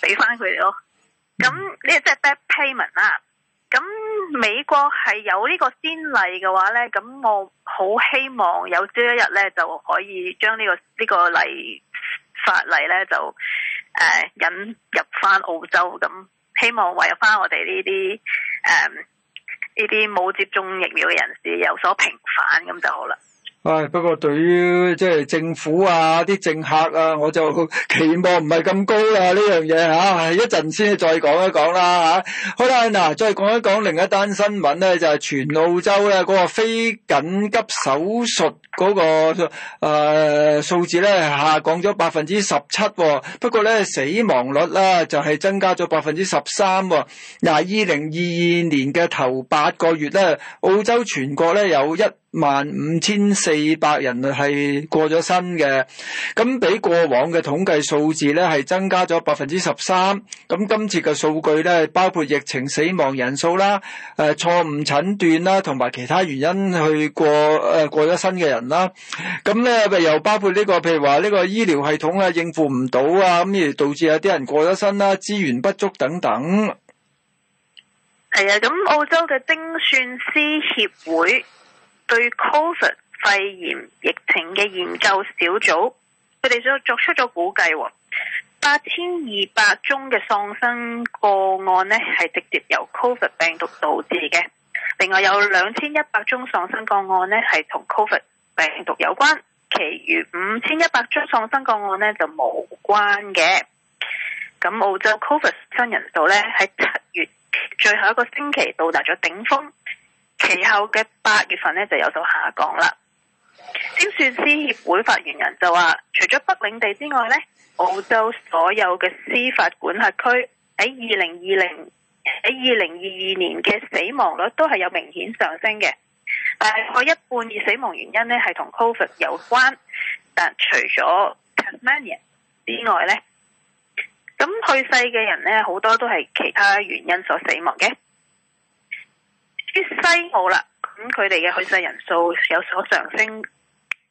俾翻佢哋咯。咁呢即係 back payment 啦。咁美國係有呢個先例嘅話咧，咁我好希望有朝一日咧，就可以將呢、呢個呢、呢個例法例咧就誒、呃、引入翻澳洲。咁希望為翻我哋呢啲誒呢啲冇接種疫苗嘅人士有所平反，咁就好啦。唉，不過對於即係政府啊、啲政客啊，我就期望唔係咁高啊呢樣嘢吓，一陣先再講一講啦吓。好啦，嗱，再講一講另一單新聞咧，就係全澳洲咧嗰個非緊急手術嗰個誒數字咧下降咗百分之十七，不過咧死亡率咧就係增加咗百分之十三。嗱，二零二二年嘅頭八個月咧，澳洲全國咧有一。萬五千四百人係過咗身嘅，咁比過往嘅統計數字咧係增加咗百分之十三。咁今次嘅數據咧，包括疫情死亡人數啦，誒、呃、錯誤診斷啦，同埋其他原因去過誒、呃、過咗身嘅人啦。咁咧咪又包括呢、這個，譬如話呢個醫療系統啊應付唔到啊，咁而導致有啲人過咗身啦，資源不足等等。係啊，咁澳洲嘅精算師協會。對 Covid 肺炎疫情嘅研究小組，佢哋就作出咗估計，八千二百宗嘅喪生個案呢，係直接由 Covid 病毒導致嘅；另外有兩千一百宗喪生個案呢，係同 Covid 病毒有關；其餘五千一百宗喪生個案呢，就無關嘅。咁澳洲 Covid 新人數呢，喺七月最後一個星期到達咗頂峰。其後嘅八月份咧就有所下降啦。精算師協會發言人就話，除咗北領地之外咧，澳洲所有嘅司法管轄區喺二零二零喺二零二二年嘅死亡率都係有明顯上升嘅。但係我一半嘅死亡原因咧係同 Covid 有關，但除咗 Tasmania 之外咧，咁去世嘅人咧好多都係其他原因所死亡嘅。喺西澳啦，咁佢哋嘅去世人數有所上升。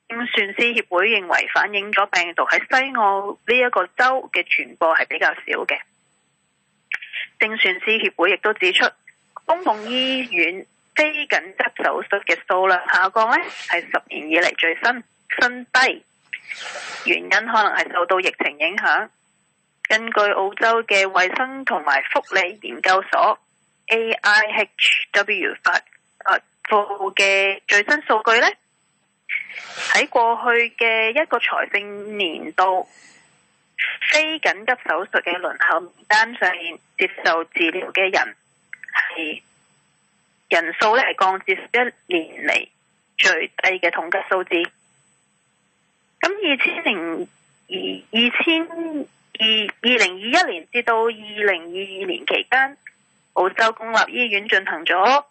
精算師協會認為反映咗病毒喺西澳呢一個州嘅傳播係比較少嘅。精算師協會亦都指出，公共醫院非緊急手術嘅數量下降呢係十年以嚟最新新低，原因可能係受到疫情影響。根據澳洲嘅衛生同埋福利研究所。A I H W 發佈嘅最新數據咧，喺過去嘅一個財政年度，非緊急手術嘅輪候名單上面接受治療嘅人係人數咧係降至一年嚟最低嘅統計數字。咁二千零二二千二二零二一年至到二零二二年期間。澳洲公立醫院進行咗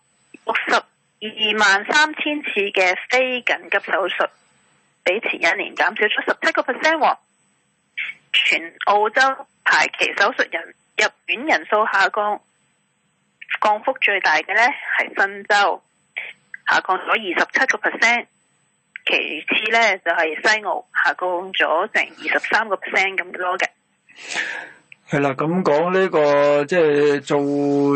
六十二萬三千次嘅非緊急手術，比前一年減少咗十七個 percent。全澳洲排期手術人入院人數下降，降幅最大嘅呢係新州，下降咗二十七個 percent。其次呢，就係西澳，下降咗成二十三個 percent 咁多嘅。係啦，咁講呢個即係、就是、做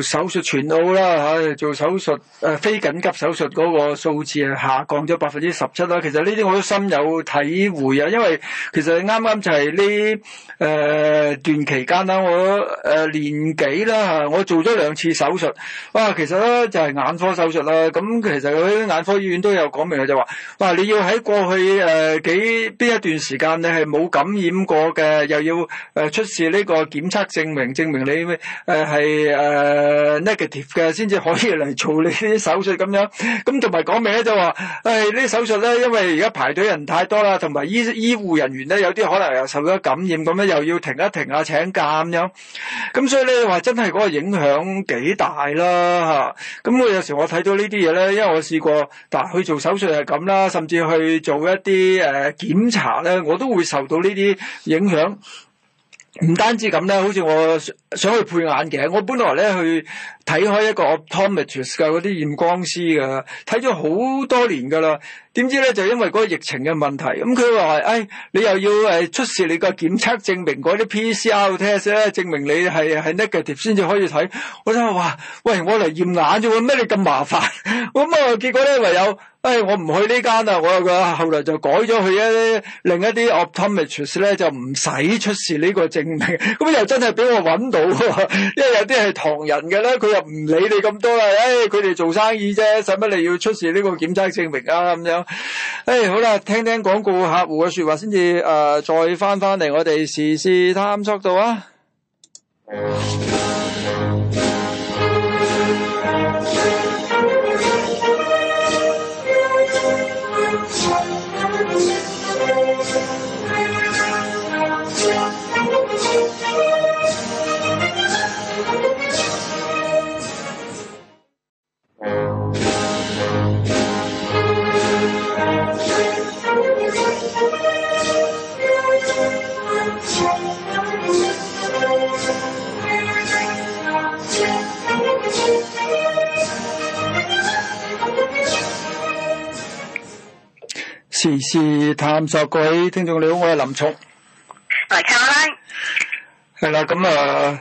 手術全澳啦嚇，做手術誒非緊急手術嗰個數字係下降咗百分之十七啦。其實呢啲我都深有體會啊，因為其實啱啱就係呢誒段期間啦，我誒年紀啦，我做咗兩次手術。哇，其實咧就係眼科手術啦。咁其實嗰啲眼科醫院都有講明嘅，就話、是、哇你要喺過去誒幾邊一段時間你係冇感染過嘅，又要誒出示呢個檢。檢測證明，證明你咪，誒係誒 negative 嘅，先至可以嚟做呢啲手術咁樣。咁同埋講咩就話，誒呢啲手術咧，因為而家排隊人太多啦，同埋醫醫護人員咧有啲可能又受咗感染，咁樣又要停一停啊，請假咁樣。咁所以咧話真係嗰個影響幾大啦吓。咁我有時我睇到呢啲嘢咧，因為我試過，但、呃、去做手術係咁啦，甚至去做一啲誒、呃、檢查咧，我都會受到呢啲影響。唔單止咁咧，好似我想去配眼鏡。我本來咧去睇開一個 optometrist 嘅嗰啲驗光師嘅，睇咗好多年㗎啦。點知咧就因為嗰個疫情嘅問題，咁佢話誒，你又要誒出示你個檢測證明嗰啲 PCR test 咧，證明你係係 negative 先至可以睇。我就話，喂，我嚟驗眼啫，咩你咁麻煩？咁、嗯、啊，結果咧唯有，誒、哎，我唔去呢間啊。我個後來就改咗去一另一啲 Optometrists 咧，就唔使出示呢個證明。咁、嗯、又真係俾我揾到，因為有啲係唐人嘅咧，佢又唔理你咁多啦。誒、哎，佢哋做生意啫，使乜你要出示呢個檢測證明啊？咁樣。誒，hey, 好啦，聽聽廣告客戶嘅說話先至，誒、呃，再翻返嚟我哋時事探索度啊。嗯時事探索各位，聽眾你好，我係林松，係卡拉，係啦，咁啊。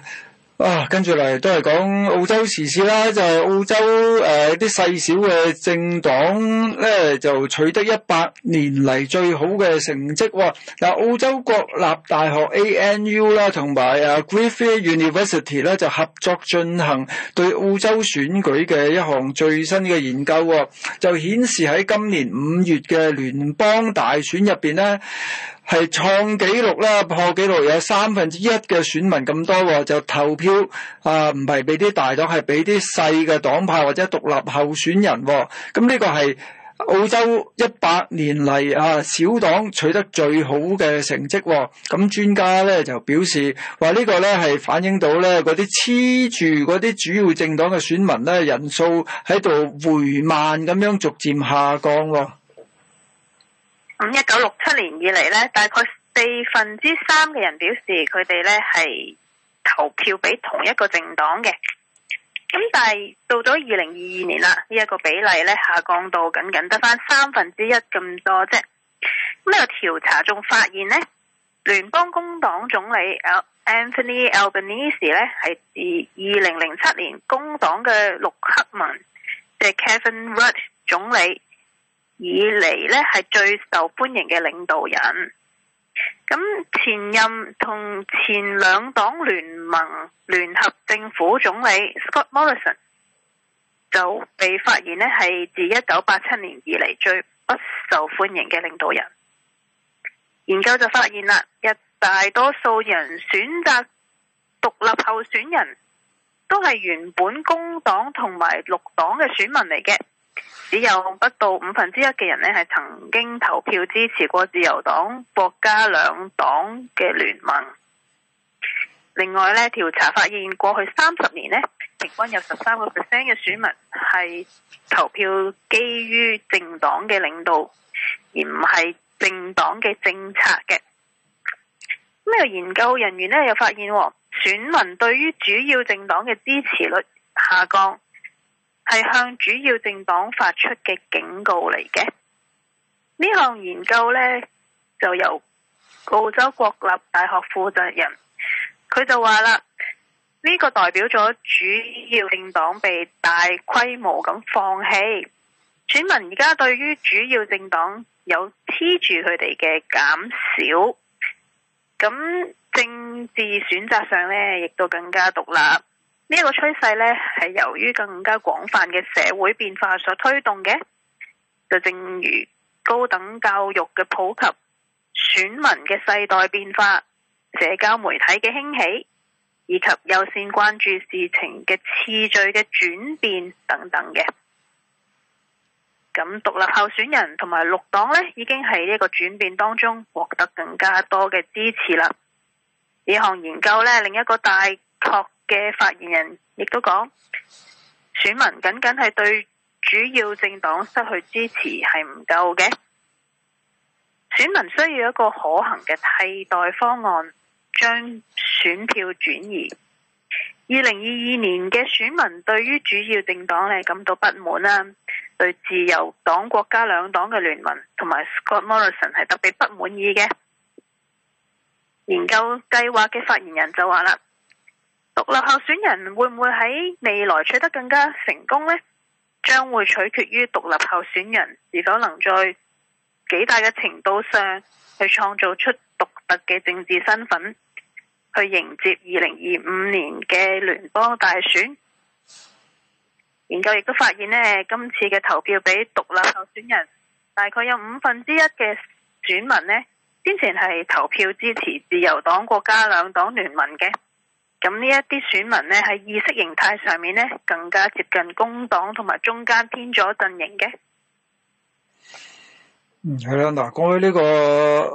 啊，跟住嚟都係講澳洲時事啦，就係、是、澳洲誒啲細小嘅政黨咧、呃、就取得一百年嚟最好嘅成績。嗱、呃，澳洲國立大學 A N U 啦、呃，同埋啊 Griffith University 咧、呃、就合作進行對澳洲選舉嘅一項最新嘅研究、呃，就顯示喺今年五月嘅聯邦大選入邊咧。係創紀錄啦，破紀錄有三分之一嘅選民咁多，就投票啊，唔係俾啲大黨，係俾啲細嘅黨派或者獨立候選人哦。咁呢個係澳洲一百年嚟啊小黨取得最好嘅成績哦。咁專家咧就表示話呢個咧係反映到咧嗰啲黐住嗰啲主要政黨嘅選民咧人數喺度回慢咁樣逐漸下降。哦咁一九六七年以嚟咧，大概四分之三嘅人表示佢哋咧係投票俾同一個政黨嘅。咁但係到咗二零二二年啦，呢、這、一個比例咧下降到僅僅得翻三分之一咁多啫。咁呢個調查仲發現呢，聯邦工黨總理 Al Anthony Albanese 咧係自二零零七年工黨嘅陸克文，即、就是、Kevin Rudd 總理。以嚟呢係最受歡迎嘅領導人，咁前任同前兩黨聯盟聯合政府總理 Scott Morrison 就被發現呢係自一九八七年以嚟最不受歡迎嘅領導人。研究就發現啦，一大多數人選擇獨立候選人都係原本工黨同埋綠黨嘅選民嚟嘅。只有不到五分之一嘅人呢，係曾經投票支持過自由黨、國家兩黨嘅聯盟。另外呢，調查發現過去三十年呢，平均有十三個 percent 嘅選民係投票基於政黨嘅領導，而唔係政黨嘅政策嘅。咁啊，研究人員呢，又發現，選民對於主要政黨嘅支持率下降，係向主要政黨發出嘅警告嚟嘅。呢項研究呢，就由澳洲國立大學負責人，佢就話啦：呢個代表咗主要政黨被大規模咁放棄，選民而家對於主要政黨有黐住佢哋嘅減少，咁政治選擇上呢，亦都更加獨立。呢個趨勢呢，係由於更加廣泛嘅社會變化所推動嘅，就正如高等教育嘅普及、選民嘅世代變化、社交媒體嘅興起，以及優先關注事情嘅次序嘅轉變等等嘅。咁獨立候選人同埋綠黨呢，已經喺呢個轉變當中獲得更加多嘅支持啦。呢項研究呢，另一個大確。嘅發言人亦都講，選民僅僅係對主要政黨失去支持係唔夠嘅，選民需要一個可行嘅替代方案將選票轉移。二零二二年嘅選民對於主要政黨咧感到不滿啦，對自由黨國家兩黨嘅聯盟同埋 Scott Morrison 係特別不滿意嘅。研究計劃嘅發言人就話啦。獨立候選人會唔會喺未來取得更加成功呢？將會取決於獨立候選人是否能在幾大嘅程度上去創造出獨特嘅政治身份，去迎接二零二五年嘅聯邦大選。研究亦都發現呢，今次嘅投票畀獨立候選人，大概有五分之一嘅選民呢，先前係投票支持自由黨國家兩黨聯盟嘅。咁呢一啲選民咧，喺意識形態上面咧，更加接近工黨同埋中間偏左陣營嘅。嗯，係啦，嗱，講起呢個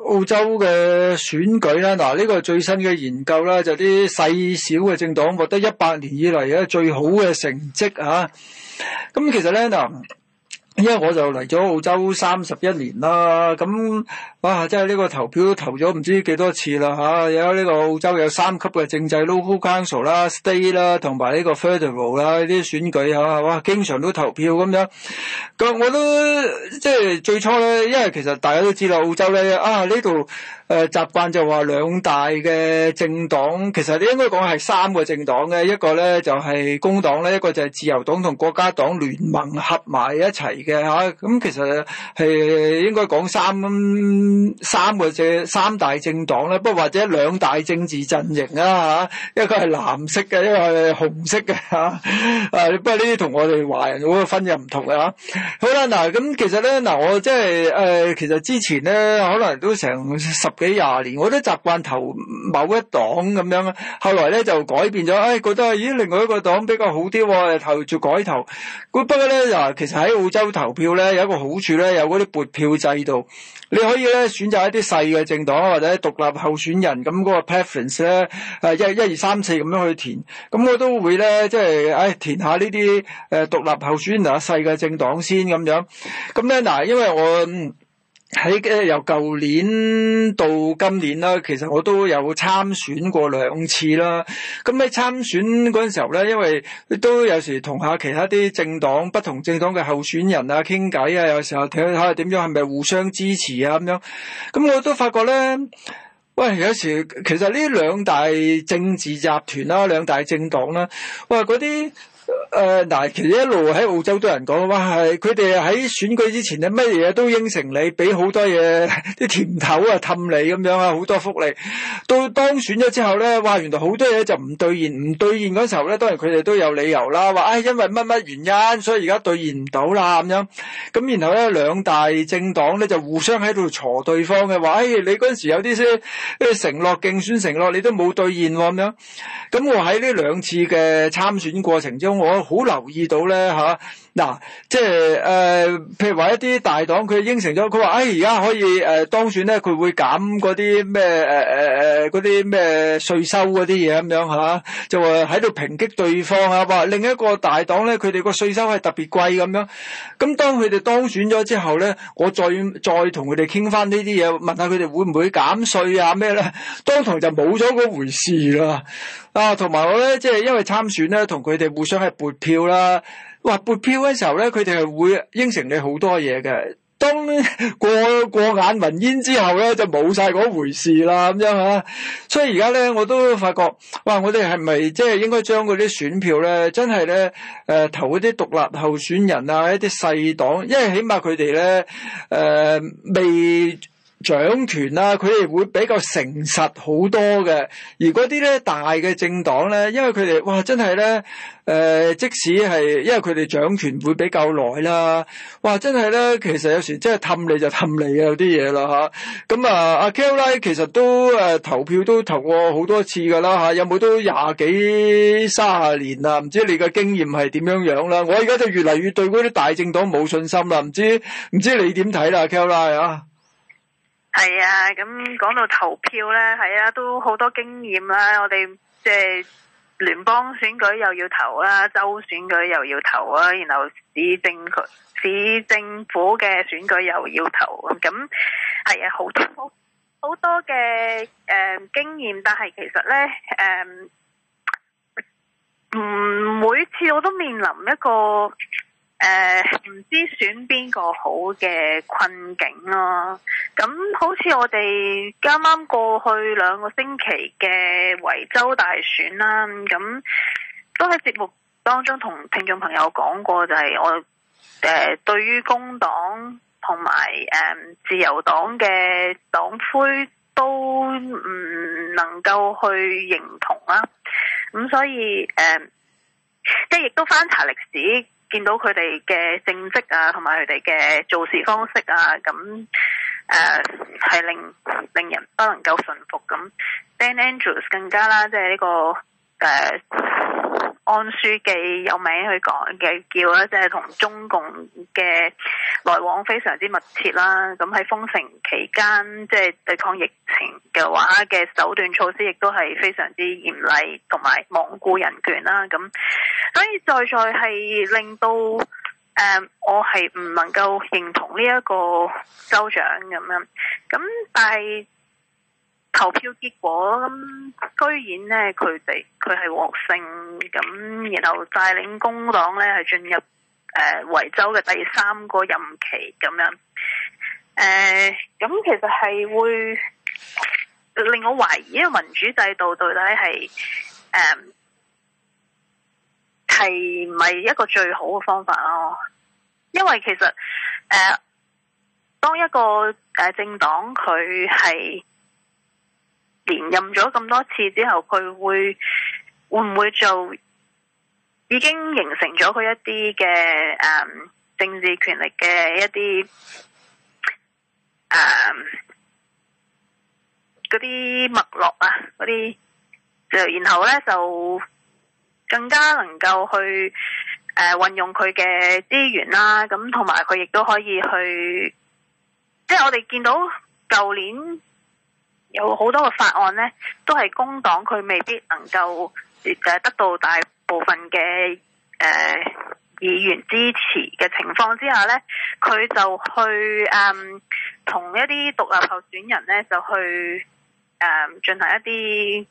澳洲嘅選舉啦，嗱，呢個最新嘅研究啦，就啲、是、細小嘅政黨獲得一百年以嚟咧，最好嘅成績啊！咁、嗯、其實咧嗱。因為我就嚟咗澳洲三十一年啦，咁，哇，即係呢個投票都投咗唔知幾多次啦嚇，有呢個澳洲有三級嘅政制 local council 啦、啊、state 啦，同埋呢個 federal 啦，呢啲選舉嚇、啊，哇，經常都投票咁樣。咁我都即係最初咧，因為其實大家都知道澳洲咧、啊呢度。誒、呃、習慣就話兩大嘅政黨，其實你應該講係三個政黨嘅，一個呢就係、是、工黨咧，一個就係自由黨同國家黨聯盟合埋一齊嘅，咁其實係應該講三三個三大政黨咧，不過或者兩大政治陣營啦嚇、啊，一個係藍色嘅，一個係紅色嘅。不過呢啲同我哋華人個嘅分野唔同嘅、啊、好啦，咁其實呢，我即、就、係、是呃、其實之前呢，可能都成十幾廿年，我都習慣投某一黨咁樣啊。後來咧就改變咗，哎，覺得咦另外一個黨比較好啲喎，投就改投。不過咧嗱，其實喺澳洲投票咧有一個好處咧，有嗰啲撥票制度，你可以咧選擇一啲細嘅政黨或者獨立候選人，咁嗰個 preference 咧，一一，一二三四咁樣去填。咁我都會咧即係誒填下呢啲誒獨立候選人細嘅政黨先咁樣。咁咧嗱，因為我。喺誒，由舊年到今年啦，其實我都有參選過兩次啦。咁喺參選嗰陣時候咧，因為都有時同下其他啲政黨、不同政黨嘅候選人啊傾偈啊，有時候睇下點樣，係咪互相支持啊咁樣。咁我都發覺咧，喂，有時其實呢兩大政治集團啦、啊，兩大政黨啦、啊，喂，嗰啲。誒，嗱、呃，其實一路喺澳洲，都有人講哇，係佢哋喺選舉之前咧，乜嘢都應承你，俾好多嘢啲甜頭啊，氹你咁樣啊，好多福利。到當選咗之後咧，哇，原來好多嘢就唔兌現，唔兌現嗰時候咧，當然佢哋都有理由啦，話唉、哎，因為乜乜原因，所以而家兌現唔到啦咁樣。咁然後咧，兩大政黨咧就互相喺度鋤對方嘅話，唉、哎，你嗰陣時有啲啲承諾競選承諾，你，諾諾你都冇兌現喎、啊、咁樣。咁我喺呢兩次嘅參選過程中。我好留意到咧，吓、啊。嗱，即係誒、呃，譬如話一啲大黨，佢應承咗，佢話誒而家可以誒、呃、當選咧，佢會減嗰啲咩誒誒誒啲咩稅收嗰啲嘢咁樣吓、啊，就話喺度抨擊對方啊，話另一個大黨咧，佢哋個稅收係特別貴咁樣。咁、啊、當佢哋當選咗之後咧，我再再同佢哋傾翻呢啲嘢，問下佢哋會唔會減稅啊咩咧？當堂就冇咗個回事啦。啊，同埋我咧，即係因為參選咧，同佢哋互相係撥票啦。哇！撥票嘅時候咧，佢哋係會應承你好多嘢嘅。當過，過眼雲煙之後咧，就冇曬嗰回事啦，咁樣吓。所以而家咧，我都發覺，哇！我哋係咪即係應該將嗰啲選票咧，真係咧、呃，投嗰啲獨立候選人啊，一啲細黨，因為起碼佢哋咧，呃，未掌權啊，佢哋會比較誠實好多嘅。而嗰啲咧，大嘅政黨咧，因為佢哋哇真係咧、呃，即使係因為佢哋掌權會比較耐啦，哇真係咧，其實有時真係氹你就氹你啊，有啲嘢啦吓，咁啊，阿 Kelly 其實都、啊、投票都投過好多次㗎啦、啊、有冇都廿幾卅年啦？唔知你嘅經驗係點樣樣啦？我而家就越嚟越對嗰啲大政黨冇信心啦，唔知唔知你點睇啦，Kelly 啊？係啊，咁講到投票呢，係啊，都好多經驗啦。我哋即係聯邦選舉又要投啦，州選舉又要投啊，然後市政局、市政府嘅選舉又要投。咁係啊，好多好多嘅誒、嗯、經驗，但係其實呢，誒、嗯，唔每次我都面臨一個。誒，唔、呃、知選邊個好嘅困境咯、啊。咁好似我哋啱啱過去兩個星期嘅維州大選啦、啊，咁都喺節目當中同聽眾朋友講過就是，就係我誒對於工黨同埋誒自由黨嘅黨魁都唔能夠去認同啦、啊。咁所以誒、呃，即係亦都翻查歷史。見到佢哋嘅政績啊，同埋佢哋嘅做事方式啊，咁誒係令令人不能夠順服。咁 Dan Andrews 更加啦，即係呢個。誒，安、uh, 書記有名去講嘅叫啦，即係同中共嘅來往非常之密切啦。咁喺封城期間，即係對抗疫情嘅話嘅手段措施，亦都係非常之嚴厲，同埋罔顧人權啦。咁所以再再係令到誒，um, 我係唔能夠認同呢一個州長咁樣。咁但係。投票結果咁，居然咧佢哋佢係獲勝，咁然後帶領工黨咧係進入誒、呃、維州嘅第三個任期咁樣。誒、呃，咁其實係會令我懷疑，因為民主制度到底係誒係咪一個最好嘅方法咯、啊？因為其實誒、呃，當一個誒政黨佢係。連任咗咁多次之後，佢會會唔會做？已經形成咗佢一啲嘅誒政治權力嘅一啲誒嗰啲脈絡啊，嗰啲就然後咧就更加能夠去誒、呃、運用佢嘅資源啦、啊。咁同埋佢亦都可以去，即係我哋見到舊年。有好多嘅法案呢，都係工黨佢未必能夠誒得到大部分嘅、誒、呃、議員支持嘅情況之下呢，佢就去誒同、嗯、一啲獨立候選人呢，就去誒進、嗯、行一啲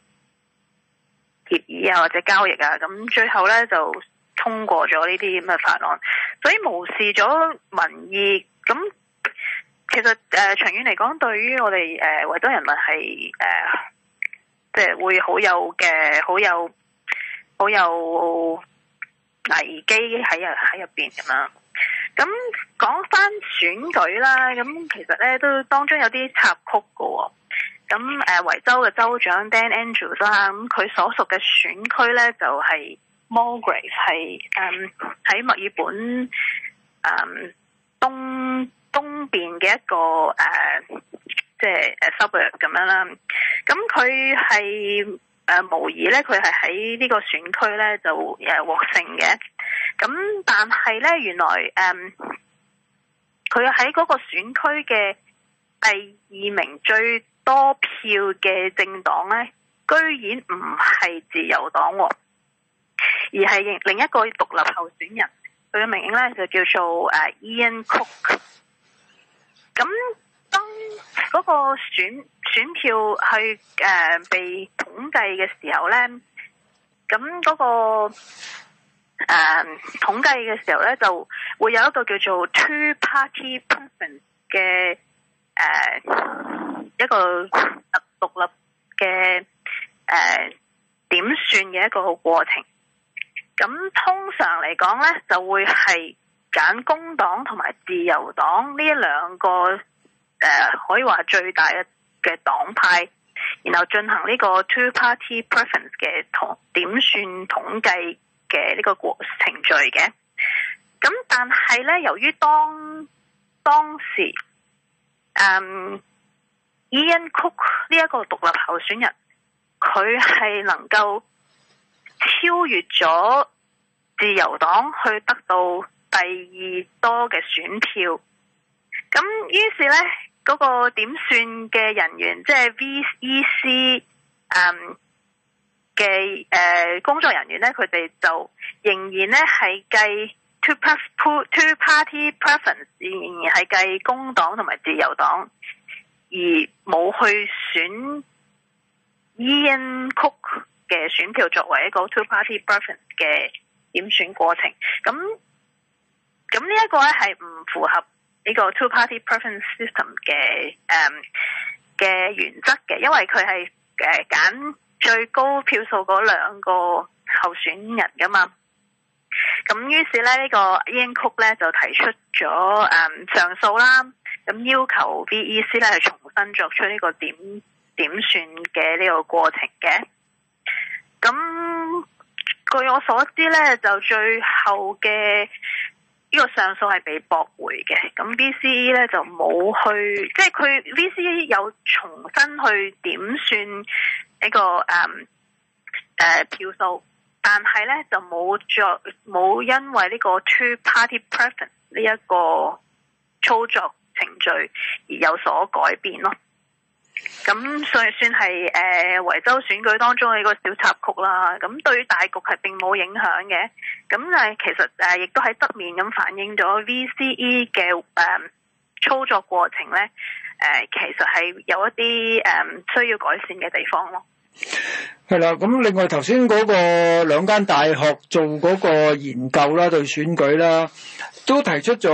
協議啊或者交易啊，咁最後呢，就通過咗呢啲咁嘅法案，所以無視咗民意咁。那其實誒、呃，長遠嚟講，對於我哋誒，維、呃、州人民係誒，即、呃、係、就是、會好有嘅，好有好有危機喺入喺入邊咁樣。咁講翻選舉啦，咁其實咧都當中有啲插曲嘅、哦。咁誒，維、呃、州嘅州長 Dan Andrews 啦，咁佢所屬嘅選區咧就係、是、Mulgrave 係嗯喺墨爾本嗯東。東邊嘅一個誒，即係誒 suburb 咁樣啦。咁佢係誒無疑咧，佢係喺呢個選區咧就誒獲、啊、勝嘅。咁、啊、但係咧，原來誒佢喺嗰個選區嘅第二名最多票嘅政黨咧，居然唔係自由黨，而係另一個獨立候選人。佢嘅名影咧就叫做誒、啊、Ian Cook。咁當嗰個選選票去誒、呃、被統計嘅時候咧，咁、嗰個誒、呃、統計嘅時候咧，就會有一個叫做 two-party preference 嘅誒、呃、一個獨立嘅誒、呃、點算嘅一個過程。咁通常嚟講咧，就會係。揀工黨同埋自由黨呢一兩個誒，可以話最大嘅嘅黨派，然後進行呢個 two-party preference 嘅、同點算統計嘅呢個程序嘅。咁但係咧，由於當當時，嗯、um，Ian Cook 呢一個獨立候選人，佢係能夠超越咗自由黨去得到。第二多嘅選票，咁於是咧嗰、那個點算嘅人員，即、就、係、是、VEC，嘅、嗯呃、工作人員咧，佢哋就仍然咧係計 two party preference，仍然係計工黨同埋自由黨，而冇去選 Ian Cook 嘅選票作為一個 two party preference 嘅點選過程，咁。咁呢一個咧係唔符合呢個 Two-Party Preference System 嘅，誒嘅原則嘅，因為佢係誒揀最高票數嗰兩個候選人噶嘛。咁於是咧呢、呢個 Ian Cook 咧就提出咗誒、嗯、上訴啦，咁要求 V E C 咧係重新作出呢個點點算嘅呢個過程嘅。咁據我所知咧，就最後嘅。呢個上訴係被駁回嘅，咁 VCE 咧就冇去，即係佢 VCE 有重新去點算呢個誒誒、嗯呃、票數，但係咧就冇做冇因為呢個 two party preference 呢一個操作程序而有所改變咯。咁算算係誒，維州選舉當中嘅一個小插曲啦。咁對於大局係並冇影響嘅。咁但係其實誒，亦都喺側面咁反映咗 VCE 嘅誒操作過程咧。誒，其實係有一啲誒需要改善嘅地方咯。係啦，咁另外頭先嗰個兩間大學做嗰個研究啦，對選舉啦，都提出咗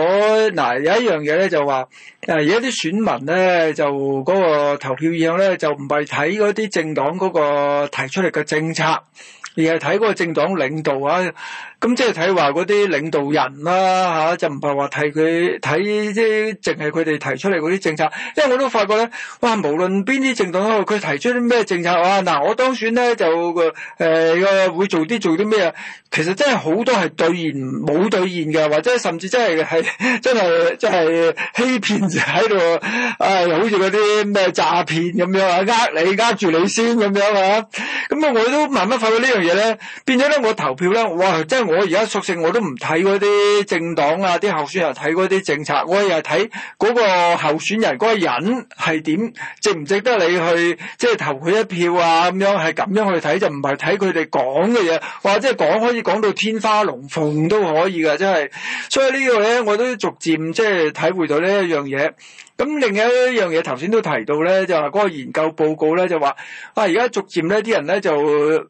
嗱，有一樣嘢咧就話，誒，有一啲選民咧就嗰個投票意向咧就唔係睇嗰啲政黨嗰個提出嚟嘅政策，而係睇嗰個政黨領導啊。咁即係睇話嗰啲領導人啦、啊啊、就唔係話睇佢睇即淨係佢哋提出嚟嗰啲政策。因為我都發覺咧，哇，無論邊啲政黨，佢提出啲咩政策，哇、啊，嗱、啊，我當選咧就個、呃、會做啲做啲咩啊？其實真係好多係兌現冇兌現嘅，或者甚至真係係真係真係欺騙喺度、哎、啊！好似嗰啲咩詐騙咁樣啊，呃你呃住你先咁樣啊？咁啊，我都慢慢發覺呢樣嘢咧，變咗咧我投票咧，哇，真～我而家索性我都唔睇嗰啲政黨啊，啲候選人睇嗰啲政策，我係睇嗰個候選人嗰個人係點，值唔值得你去即係投佢一票啊？咁樣係咁樣去睇，就唔係睇佢哋講嘅嘢，或即係講可以講到天花龍鳳都可以噶，真係。所以呢個咧，我都逐漸即係體會到呢一樣嘢。咁另一樣嘢頭先都提到咧，就係嗰個研究報告咧就話，啊而家逐漸呢啲人咧就。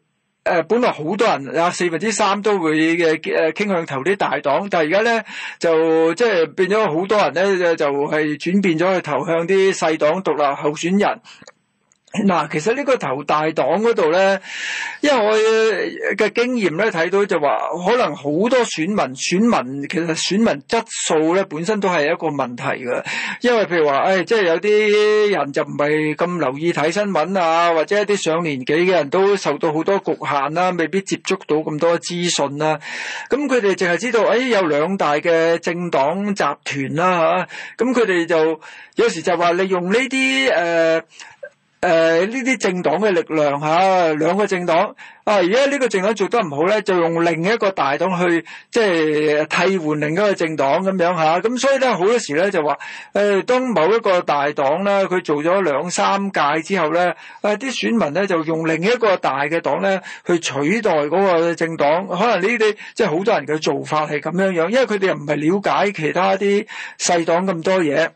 誒，本來好多人啊，四分之三都會嘅誒傾向投啲大黨，但係而家咧就即係變咗好多人咧就係轉變咗去投向啲細黨獨立候選人。嗱，其實呢個頭大黨嗰度咧，因為我嘅經驗咧睇到就話，可能好多選民，選民其實選民質素咧本身都係一個問題㗎。因為譬如話，誒，即係有啲人就唔係咁留意睇新聞啊，或者一啲上年紀嘅人都受到好多局限啦、啊，未必接觸到咁多資訊啦。咁佢哋淨係知道，誒，有兩大嘅政黨集團啦，吓。咁佢哋就有時就話利用呢啲誒。誒，呢啲、呃、政黨嘅力量吓，兩個政黨啊，而家呢個政黨做得唔好咧，就用另一個大黨去即係、就是、替換另一個政黨咁樣吓，咁、啊、所以咧好多時咧就話誒、呃，當某一個大黨咧，佢做咗兩三屆之後咧，誒、啊、啲選民咧就用另一個大嘅黨咧去取代嗰個政黨，可能呢啲即係好多人嘅做法係咁樣樣，因為佢哋又唔係了解其他啲細黨咁多嘢。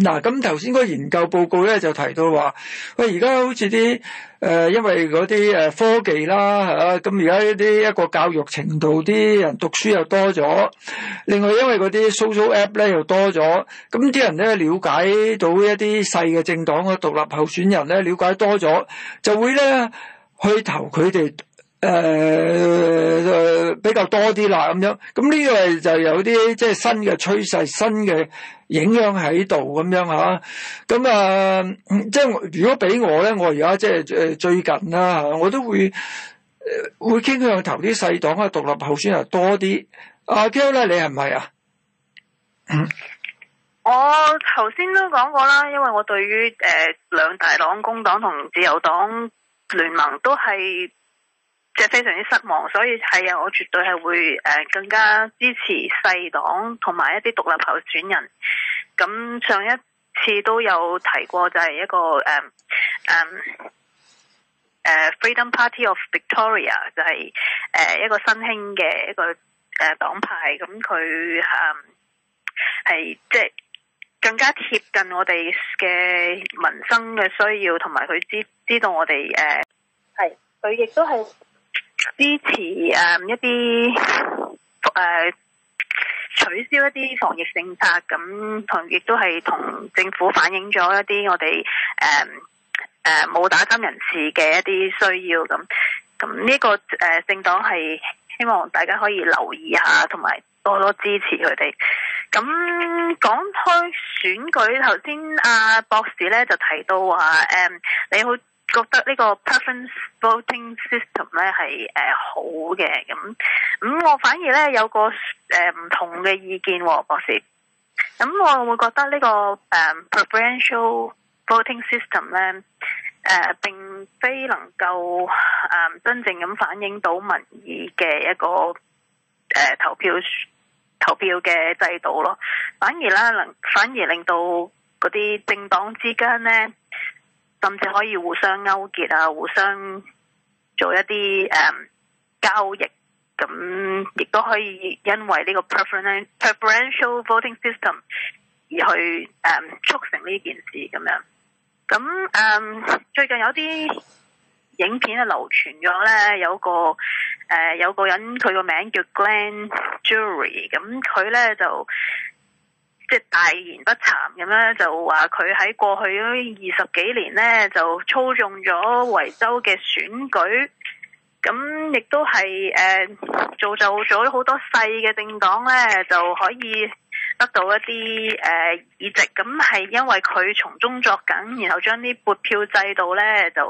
嗱，咁頭先個研究報告咧就提到話，喂，而家好似啲誒，因為嗰啲誒科技啦嚇，咁而家一啲一個教育程度啲人讀書又多咗，另外因為嗰啲 social app 咧又多咗，咁啲人咧了解到一啲細嘅政黨嘅獨立候選人咧了解多咗，就會咧去投佢哋。誒、呃呃，比較多啲啦，咁樣，咁呢個就有啲即係新嘅趨勢、新嘅影響喺度，咁樣吓，咁啊，嗯、即係如果俾我咧，我而家即係誒最近啦、啊，我都會會傾向投啲細黨啊、獨立候選人多啲。阿 k o 咧，你係唔係啊？ 我頭先都講過啦，因為我對於誒兩大黨工黨同自由黨聯盟都係。即係非常之失望，所以係啊，我絕對係會誒、呃、更加支持細黨同埋一啲獨立候選人。咁上一次都有提過，就係一個誒誒誒 Freedom Party of Victoria，就係、是、誒、呃、一個新興嘅一個誒黨、呃、派。咁佢誒係即係更加貼近我哋嘅民生嘅需要，同埋佢知知道我哋誒係佢亦都係。呃是支持誒、嗯、一啲誒、呃、取消一啲防疫政策，咁同亦都係同政府反映咗一啲我哋誒誒冇打針人士嘅一啲需要，咁咁呢個誒、呃、政黨係希望大家可以留意下，同埋多多支持佢哋。咁講開選舉頭先阿博士咧就提到話誒、嗯，你好。覺得呢個 preferential voting system 咧，係誒好嘅，咁咁我反而咧有個誒唔同嘅意見，博士。咁我會覺得呢個誒 preferential voting system 咧誒，並非能夠誒真正咁反映到民意嘅一個誒投票投票嘅制度咯，反而啦，能反而令到嗰啲政黨之間咧。甚至可以互相勾結啊，互相做一啲、嗯、交易，咁亦都可以因為呢個 preferential voting system 而去、嗯、促成呢件事咁樣。咁、嗯、最近有啲影片啊流傳咗咧，有個、呃、有個人佢個名叫 Glenn Jury，咁佢咧就，即係大言不慚咁咧，就話佢喺過去二十幾年呢，就操縱咗維州嘅選舉，咁亦都係誒，造就咗好多細嘅政黨呢，就可以得到一啲誒議席。咁係因為佢從中作梗，然後將啲撥票制度呢，就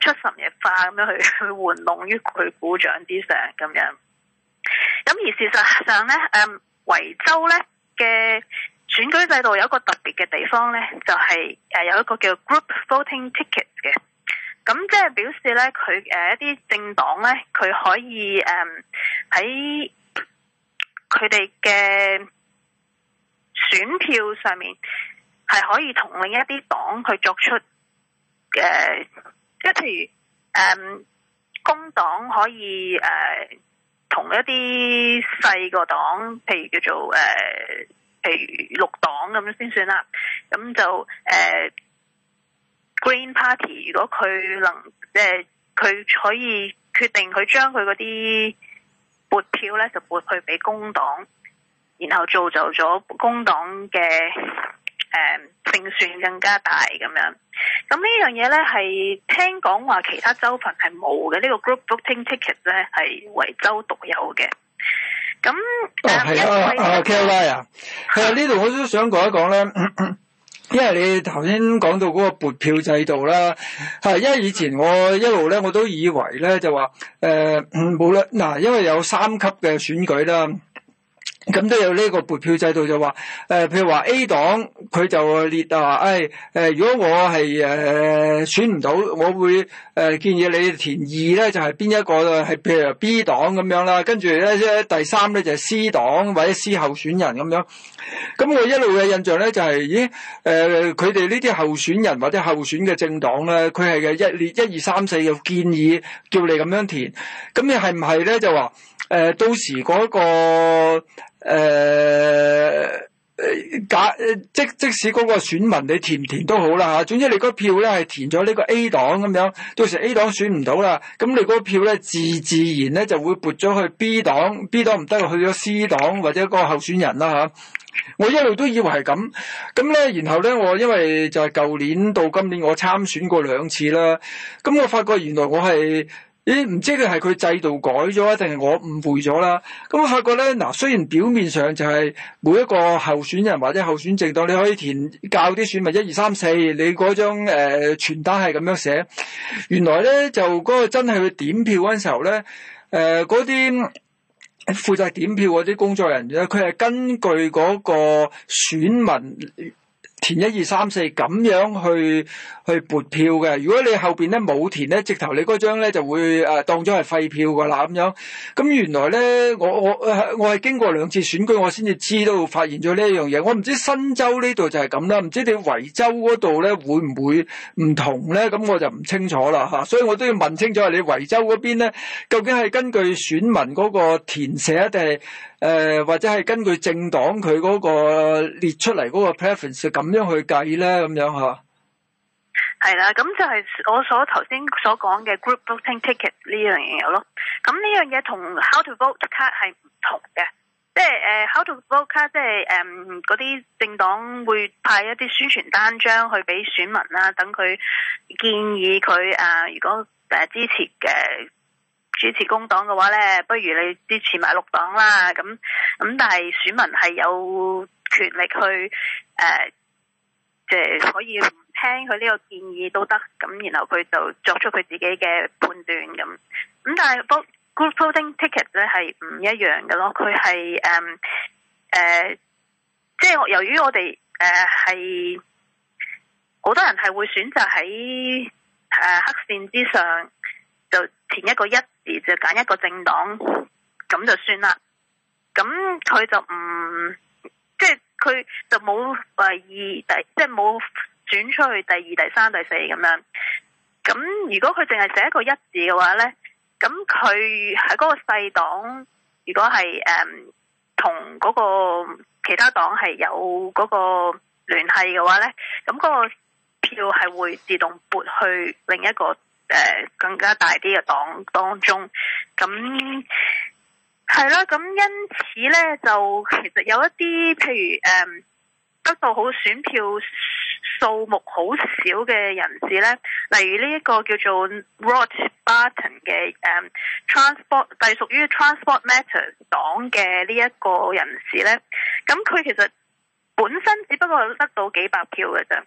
出神入化咁樣去去玩弄於佢股掌之上咁樣。咁而事實上呢，誒，維州呢。嘅選舉制度有一個特別嘅地方呢，就係、是、誒有一個叫 group voting ticket 嘅，咁即係表示呢，佢誒一啲政黨呢，佢可以誒喺佢哋嘅選票上面係可以同另一啲黨去作出誒，即係譬如誒、嗯、工黨可以誒。嗯同一啲細個黨，譬如叫做誒、呃，譬如綠黨咁先算啦。咁就誒、呃、Green Party 如果佢能即係佢、呃、可以決定佢將佢嗰啲撥票咧，就撥去俾工黨，然後造就咗工黨嘅。誒，勝、嗯、算更加大咁樣，咁呢樣嘢咧係聽講話其他州份係冇嘅，呢、這個 group booking ticket 咧係維州獨有嘅。咁，係啊，K O I 啊，係啊，呢度、啊啊、我都想講一講咧，因為你頭先講到嗰個撥票制度啦，係、啊，因為以前我一路咧我都以為咧就話，誒、呃，冇啦，嗱，因為有三級嘅選舉啦。咁都有呢個撥票制度就，就、呃、話譬如話 A 黨佢就列啊，話、哎：呃「誒，如果我係、呃、選唔到，我會、呃、建議你填二咧，就係、是、邊一個係譬如 B 黨咁樣啦，跟住咧第三咧就係、是、C 黨或者 C 候選人咁樣。咁我一路嘅印象咧就係、是，咦佢哋呢啲候選人或者候選嘅政黨咧，佢係嘅一列一二三四嘅建議叫你咁樣填。咁你係唔係咧就話、呃、到時嗰、那個？誒、呃，假即即使嗰個選民你填唔填都好啦吓，總之你嗰票咧係填咗呢個 A 檔咁樣，到時 A 檔選唔到啦，咁你嗰票咧自自然咧就會撥咗去 B 檔，B 檔唔得去咗 C 檔或者個候選人啦吓。我一路都以為係咁，咁咧然後咧我因為就係舊年到今年我參選過兩次啦，咁我發覺原來我係。咦？唔知佢係佢制度改咗，定係我誤會咗啦？咁我發覺咧，嗱，雖然表面上就係每一個候選人或者候選政黨，你可以填教啲選民一二三四，你嗰張誒傳單係咁樣寫。原來咧就嗰個真係去點票嗰陣時候咧，誒嗰啲負責點票嗰啲工作人員，佢係根據嗰個選民。填一二三四咁樣去去撥票嘅，如果你後面咧冇填咧，直頭你嗰張咧就會當咗係廢票㗎啦咁樣。咁原來咧，我我我係經過兩次選舉，我先至知道發現咗呢一樣嘢。我唔知新州呢度就係咁啦，唔知你維州嗰度咧會唔會唔同咧？咁我就唔清楚啦嚇，所以我都要問清楚，係你維州嗰邊咧究竟係根據選民嗰個填寫定係？誒、呃，或者係根據政黨佢嗰個列出嚟嗰個 preference 咁樣去計咧，咁樣吓。係啦，咁就係我所頭先所講嘅 group voting ticket 呢樣嘢咯。咁呢樣嘢同 how to vote 卡係唔同嘅，即係誒、uh, how to vote 卡即係誒嗰啲政黨會派一啲宣傳單張去俾選民啦，等佢建議佢誒、啊、如果誒、啊、支持嘅。支持工黨嘅話咧，不如你支持埋綠黨啦。咁咁，但係選民係有權力去誒，即、呃、係可以唔聽佢呢個建議都得。咁然後佢就作出佢自己嘅判斷咁。咁但係，不 group voting ticket 咧係唔一樣嘅咯。佢係誒誒，即、呃、係、呃就是、由於我哋誒係好多人係會選擇喺誒黑線之上就填一個一。而就揀一個政黨，咁就算啦。咁佢就唔，即係佢就冇第二第，即係冇轉出去第二、第三、第四咁樣。咁如果佢淨係寫一個一字嘅話呢，咁佢喺嗰個細黨，如果係誒同嗰個其他黨係有嗰個聯繫嘅話呢，咁嗰個票係會自動撥去另一個。誒更加大啲嘅黨當中，咁係啦，咁、啊、因此咧，就其實有一啲譬如誒得到好選票數目好少嘅人士咧，例如呢一個叫做 Rod Barton 嘅誒、嗯、transport，隸屬於 Transport Matters 黨嘅呢一個人士咧，咁佢其實本身只不過得到幾百票嘅啫。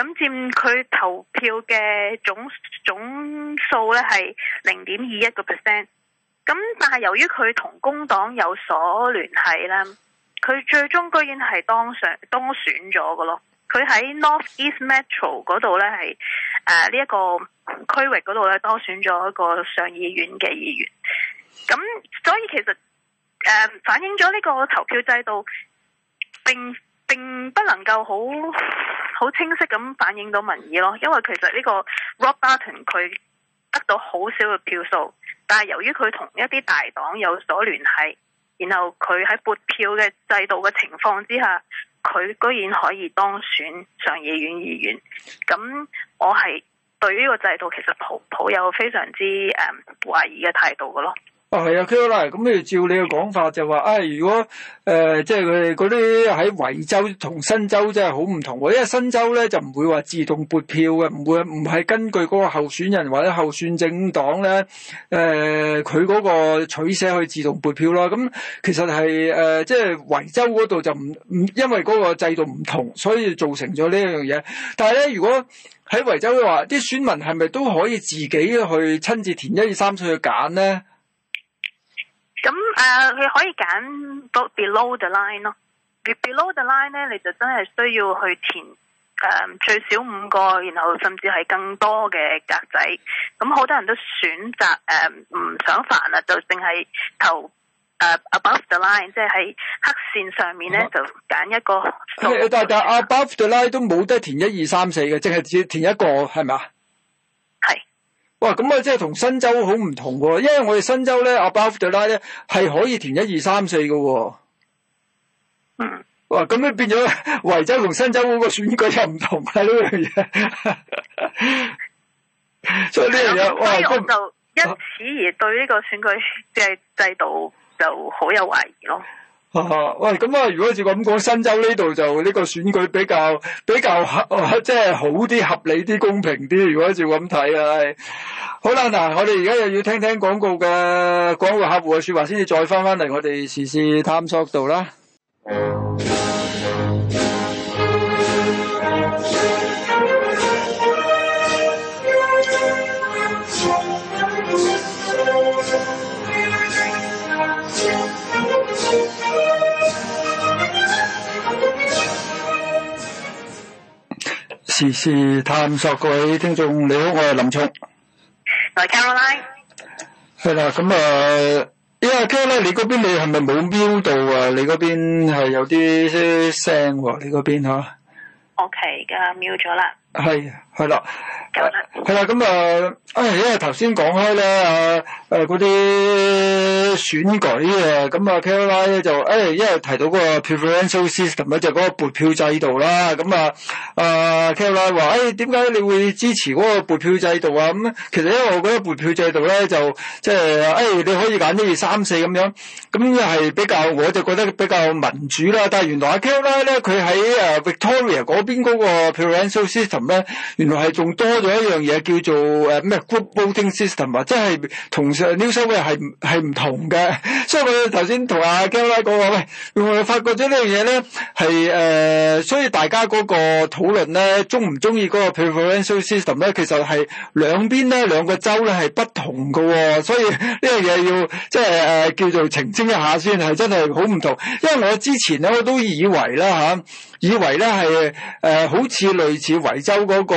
咁佔佢投票嘅總總數咧係零點二一個 percent。咁但係由於佢同工黨有所聯繫咧，佢最終居然係當上當選咗㗎咯。佢喺 North East Metro 嗰度咧係呃呢一個區域嗰度咧當選咗一個上議院嘅議員。咁所以其實、呃、反映咗呢個投票制度並並不能夠好好清晰咁反映到民意咯，因為其實呢個 Rob Barton 佢得到好少嘅票數，但係由於佢同一啲大黨有所聯繫，然後佢喺撥票嘅制度嘅情況之下，佢居然可以當選上議院議員，咁我係對於呢個制度其實抱抱有非常之誒懷疑嘅態度嘅咯。啊，係啊、哦，咁、嗯、你照你嘅講法就話、是，啊、哎，如果誒，即係佢哋嗰啲喺維州同新州真係好唔同，因為新州咧就唔會話自動撥票嘅，唔會唔係根據嗰個候選人或者候選政黨咧，誒、呃，佢嗰個取捨去自動撥票啦。咁、嗯、其實係誒，即係維州嗰度就唔唔因為嗰個制度唔同，所以造成咗呢樣嘢。但係咧，如果喺維州嘅話，啲選民係咪都可以自己去親自填一二三出去揀咧？咁誒、嗯啊、你可以揀 below the line 咯、哦。below the line 咧，你就真係需要去填誒、嗯、最少五個，然後甚至係更多嘅格仔。咁、嗯、好多人都選擇誒唔想煩啦，就淨係投誒、啊、above the line，即係喺黑線上面咧就揀一,一個數字。但 above the line 都冇得填一二三四嘅，淨係只填一個係咪啊？哇！咁啊，即係同新州好唔同，哦，因為我哋新州咧，above the line 咧係可以填一二三四㗎嗯。哇！咁樣變咗，維州同新州嗰、嗯、 個，個選舉又唔同啊！呢樣嘢，所以呢樣嘢，哇！我就因此而對呢個選舉嘅制度就好有懷疑咯。 啊、喂，咁啊，如果照咁講，新州呢度就呢個選舉比較比較合、啊，即係好啲、合理啲、公平啲。如果照咁睇啊，好啦，嗱，我哋而家又要聽聽廣告嘅廣告客戶嘅說話，先至再翻翻嚟，我哋時事探索度啦。嗯時事探索，各位聽眾，你好，我係林聰。係 Caroline。係啦，咁啊，因為今日你嗰邊你係咪冇 mute 到啊？你嗰邊係有啲聲喎，你嗰邊吓。O.K.，而家 mute 咗啦。係。係啦，係啦，咁啊了、嗯，哎，因為頭先講開呢誒，嗰、啊、啲、啊、選舉啊，咁啊，Kellie 咧就，哎，因為提到個 preferential system，就嗰個撥票制度啦，咁啊，啊，Kellie 話，哎，點解你會支持嗰個撥票制度啊？咁、嗯、其實因為我覺得撥票制度呢，就即係，哎，你可以揀一二三四咁樣，咁又係比較，我就覺得比較民主啦。但係原來阿 Kellie 咧，佢喺 Victoria 嗰邊嗰個 preferential system 呢。原來係仲多咗一樣嘢叫做誒咩 group voting system 啊，即係同 new system 係唔同嘅。所以我頭先同阿 Kelvin 講話，喂，我們發覺咗呢樣嘢呢？係誒、呃，所以大家嗰個討論呢，中唔中意嗰個 preferential system 呢？其實係兩邊呢，兩個州呢係不同嘅喎、哦。所以呢樣嘢要即係、呃、叫做澄清一下先，係真係好唔同。因為我之前咧我都以為啦嚇、啊，以為呢係誒好似類似維州嗰、那個。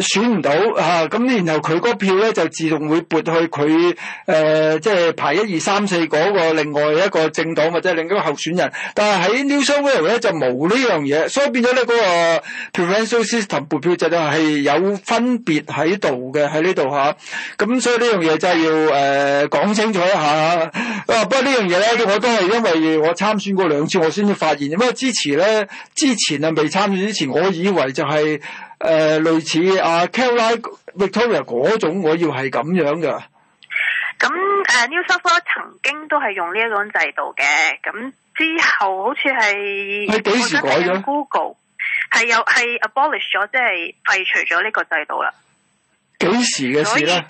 選唔到嚇，咁然後佢個票咧，就自動會撥去佢即係排一二三四嗰個另外一個政黨，或者另外一個候選人。但係喺 New South Wales 咧，就冇呢樣嘢，所以變咗咧、那個、uh, preferential system 撥票制度係有分別喺度嘅喺呢度下，咁、啊、所以呢樣嘢就係要誒、呃、講清楚一下。啊、不過呢樣嘢咧，我都係因為我參選過兩次，我先至發現。因為之前咧，之前啊未參選之前，我以為就係、是。誒、呃、類似阿 Kelley Victoria 嗰種，我要係咁樣㗎。咁、啊、New South Wales 曾經都係用呢一個制度嘅，咁之後好似係我覺得係 Google 係又係 abolish 咗，即係廢除咗呢個制度啦。幾時嘅事咧？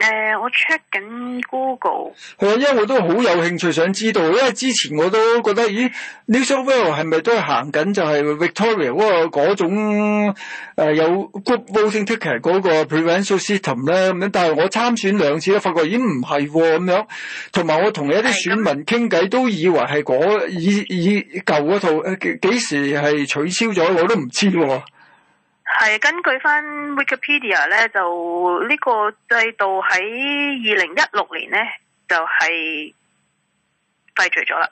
誒，我 check 緊 Google 係啊，因為我都好有興趣想知道，因為之前我都覺得，咦，New South Wales 係咪都係行緊就係 Victoria 嗰種、呃、有 group voting ticket 嗰個 preferential system 咧咁樣，但係我參選兩次咧，發覺咦，唔係咁樣，同埋我同一啲選民傾偈都以為係嗰、那個、以以舊嗰套幾時係取消咗，我都唔知喎、喔。係根據翻 Wikipedia 咧，就呢個制度喺二零一六年咧就係、是、廢除咗啦。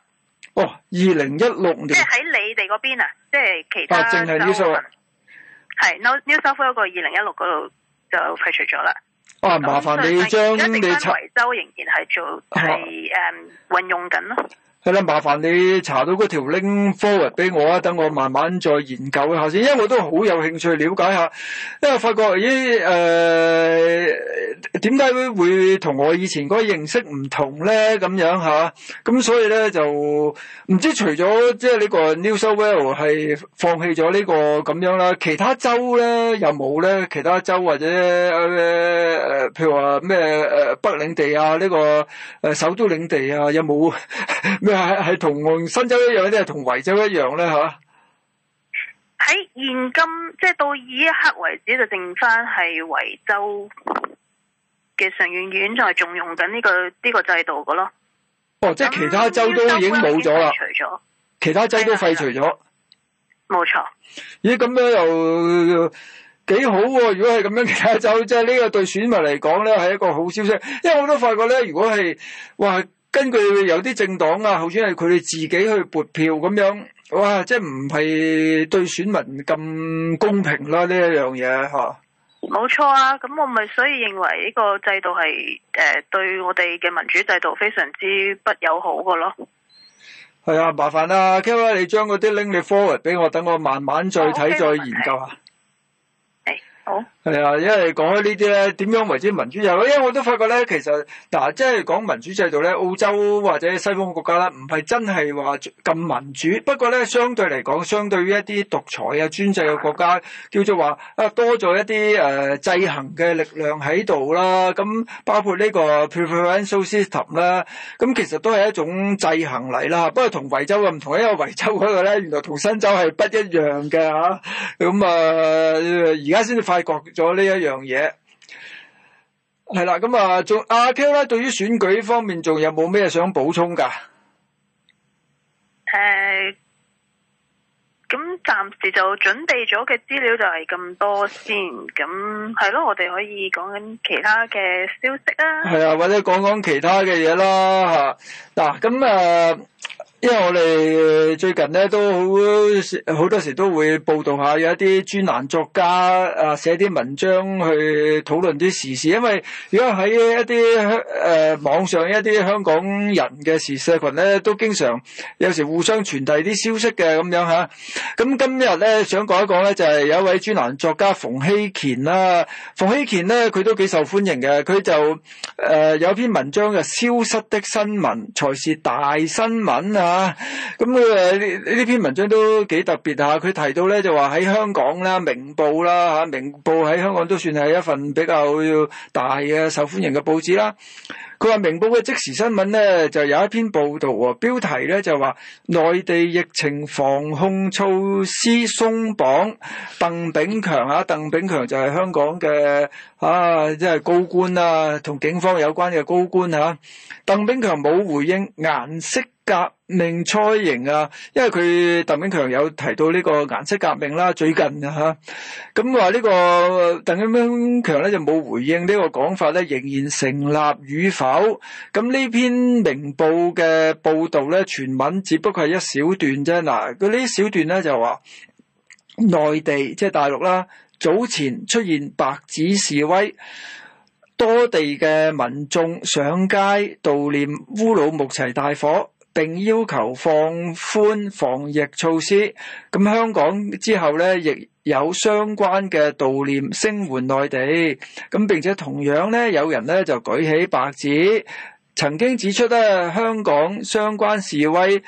哦，二零一六年。即係喺你哋嗰邊啊，即係其他。啊，淨係 New South。係 New New South Wales 個二零一六嗰度就廢除咗啦。啊，麻煩你將你查。維州仍然係做係誒運用緊咯。嗱，麻煩你查到條 link forward 俾我啊，等我慢慢再研究一下先，因為我都好有興趣了解下，因為我發覺咦誒點解會同我以前個認識唔同咧咁樣吓咁、啊、所以咧就唔知除咗即係呢個 New South Wales、well、係放棄咗呢個咁樣啦，其他州咧有冇咧？其他州或者誒、呃、譬如話咩誒北領地啊，呢、呢個誒、呃、首都領地啊，有冇咩？ 什麼係同新州一樣咧，同維州一樣咧，吓喺現今即係、就是、到呢一刻為止，就剩翻係維州嘅上議院仲係用緊、這、呢個呢、這個制度嘅咯。哦，即係其他州都已經冇咗啦，除咗其他州都廢除咗，冇錯。咦，咁、哎、樣又幾好喎、啊？如果係咁樣，其他州即係呢個對選民嚟講咧，係一個好消息。因為我都發覺咧，如果係根據有啲政黨啊，好似係佢哋自己去撥票咁樣，哇！即係唔係對選民咁公平啦，呢一樣嘢吓。冇錯啊，咁、啊、我咪所以認為呢個制度係誒、呃、對我哋嘅民主制度非常之不友好嘅咯。係啊，麻煩啊，Kawa 你將嗰啲 link forward 俾我，等我慢慢再睇 Okay 再研究下。係、okay，好。係啊，一係講開呢啲咧，點樣為之民主，又因為我都發覺咧，其實嗱，即係講民主制度咧，澳洲或者西方國家啦，唔係真係話咁民主。不過咧，相對嚟講，相對於一啲獨裁啊、專制嘅國家，叫做話啊，多咗一啲誒、呃、制衡嘅力量喺度啦。咁包括個呢個 preferential system 啦，咁其實都係一種制衡嚟啦。不過同維州又唔同，因為維州嗰個咧，原來同新州係不一樣嘅，咁啊，而家先至發覺。咗呢一樣嘢，係啦，咁啊，仲阿 Q 咧，對於選舉方面仲有冇咩想補充噶？誒、呃，咁暫時就準備咗嘅資料就係咁多先，咁係咯，我哋可以講緊其他嘅消息啦，係啊，或者講講其他嘅嘢啦嚇，嗱咁啊。因為我哋最近咧都好好多時都會報道下有一啲專欄作家啊寫啲文章去討論啲時事，因為如果喺一啲誒、呃、網上一啲香港人嘅時社群咧都經常有時互相傳遞啲消息嘅咁樣吓。咁今日咧想講一講咧就係、是、有一位專欄作家馮晞乾啦，馮、啊、晞乾咧佢都幾受歡迎嘅，佢就誒、呃、有一篇文章嘅消失的新聞才是大新聞啊！啊，咁誒呢呢篇文章都幾特別嚇，佢提到咧就話喺香港啦，《明報》啦嚇，《明報》喺香港都算係一份比較大嘅受歡迎嘅報紙啦。啊，佢話《明報》嘅即時新聞咧就有一篇報道喎，標題咧就話內地疫情防控措施鬆綁。鄧炳強啊，鄧炳強就係香港嘅啊，即係高官啊，同警方有關嘅高官嚇。啊，鄧炳強冇回應，顏色革命初型啊，因為佢鄧炳強有提到呢個顏色革命啦，最近啊，吓咁話呢個鄧炳強咧就冇回應這個呢個講法咧，仍然成立與否？咁、嗯、呢篇明報嘅報道咧，全文只不過係一小段啫。嗱，佢呢小段咧就話內地即係、就是、大陸啦，早前出現白紙示威，多地嘅民眾上街悼念烏魯木齊大火，並要求放寬防疫措施，咁香港之後咧亦有相關嘅悼念聲援內地，咁並且同樣咧有人咧就舉起白紙，曾經指出咧香港相關示威。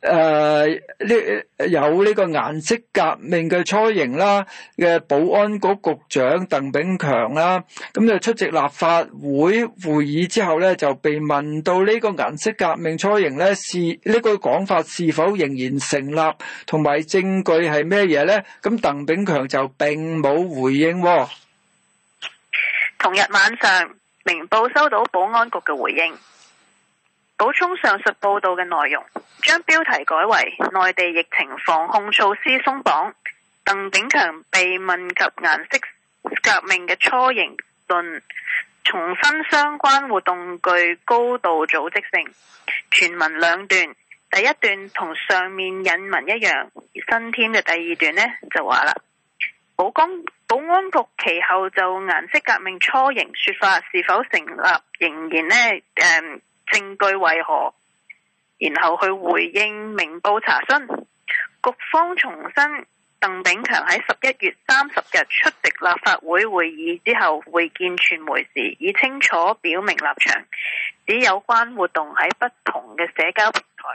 誒，呢，有呢個顏色革命嘅雛形啦，嘅保安局局長鄧炳強啦，咁就出席立法會會議之後咧，就被問到呢個顏色革命雛形咧是呢句講法是否仍然成立，同埋證據係咩嘢咧？咁鄧炳強就並冇回應。同日晚上，《明報》收到保安局嘅回應。補充上述報道嘅內容，將標題改為《內地疫情防控措施鬆綁》，鄧炳強被問及顏色革命嘅初形論，重申相關活動具高度組織性。全文兩段，第一段同上面引文一樣，新添嘅第二段呢就話啦，保安保安局其後就顏色革命初形說法是否成立，仍然呢……嗯」誒。證據為何？然後去回應明報查詢。局方重申，鄧炳強喺十一月三十日出席立法會會議之後會見傳媒時，已清楚表明立場，指有關活動喺不同嘅社交平台，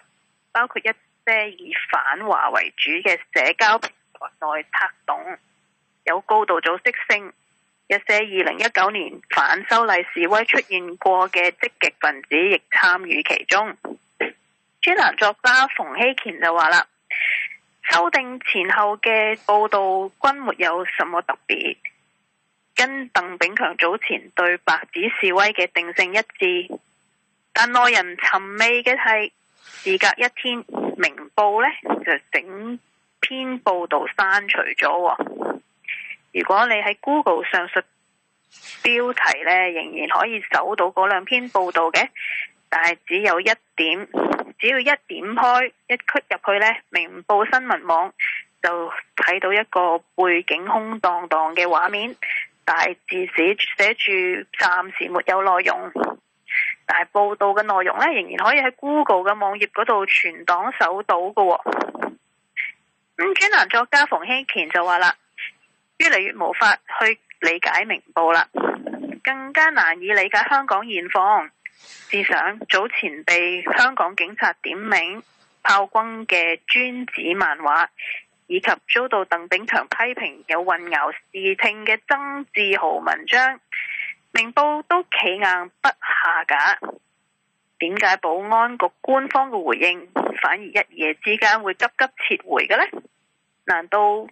包括一些以反華為主嘅社交平台內策動，有高度組織性。一些二零一九年反修例示威出現過嘅積極分子亦參與其中。專欄作家馮晞乾就話啦：修訂前後嘅報道均沒有什麼特別，跟鄧炳強早前對白紙示威嘅定性一致。但耐人尋味嘅係，事隔一天，《明報》呢就整篇報道刪除咗。如果你喺 Google 上述標題呢，仍然可以搜到嗰兩篇報道嘅，但係只有一點，只要一點開，一 click 入去呢，《明報新聞網》就睇到一個背景空蕩蕩嘅畫面，但係字紙寫住暫時沒有內容。但係報道嘅內容呢，仍然可以喺 Google 嘅網頁嗰度全檔搜到嘅，哦。咁專欄作家馮晞乾就話啦。越嚟越無法去理解明報啦，更加難以理解香港現況。試想早前被香港警察點名炮轟嘅尊子漫畫，以及遭到鄧炳強批評有混淆視聽嘅曾志豪文章，明報都企硬不下架。點解保安局官方嘅回應反而一夜之間會急急撤回嘅呢？難道？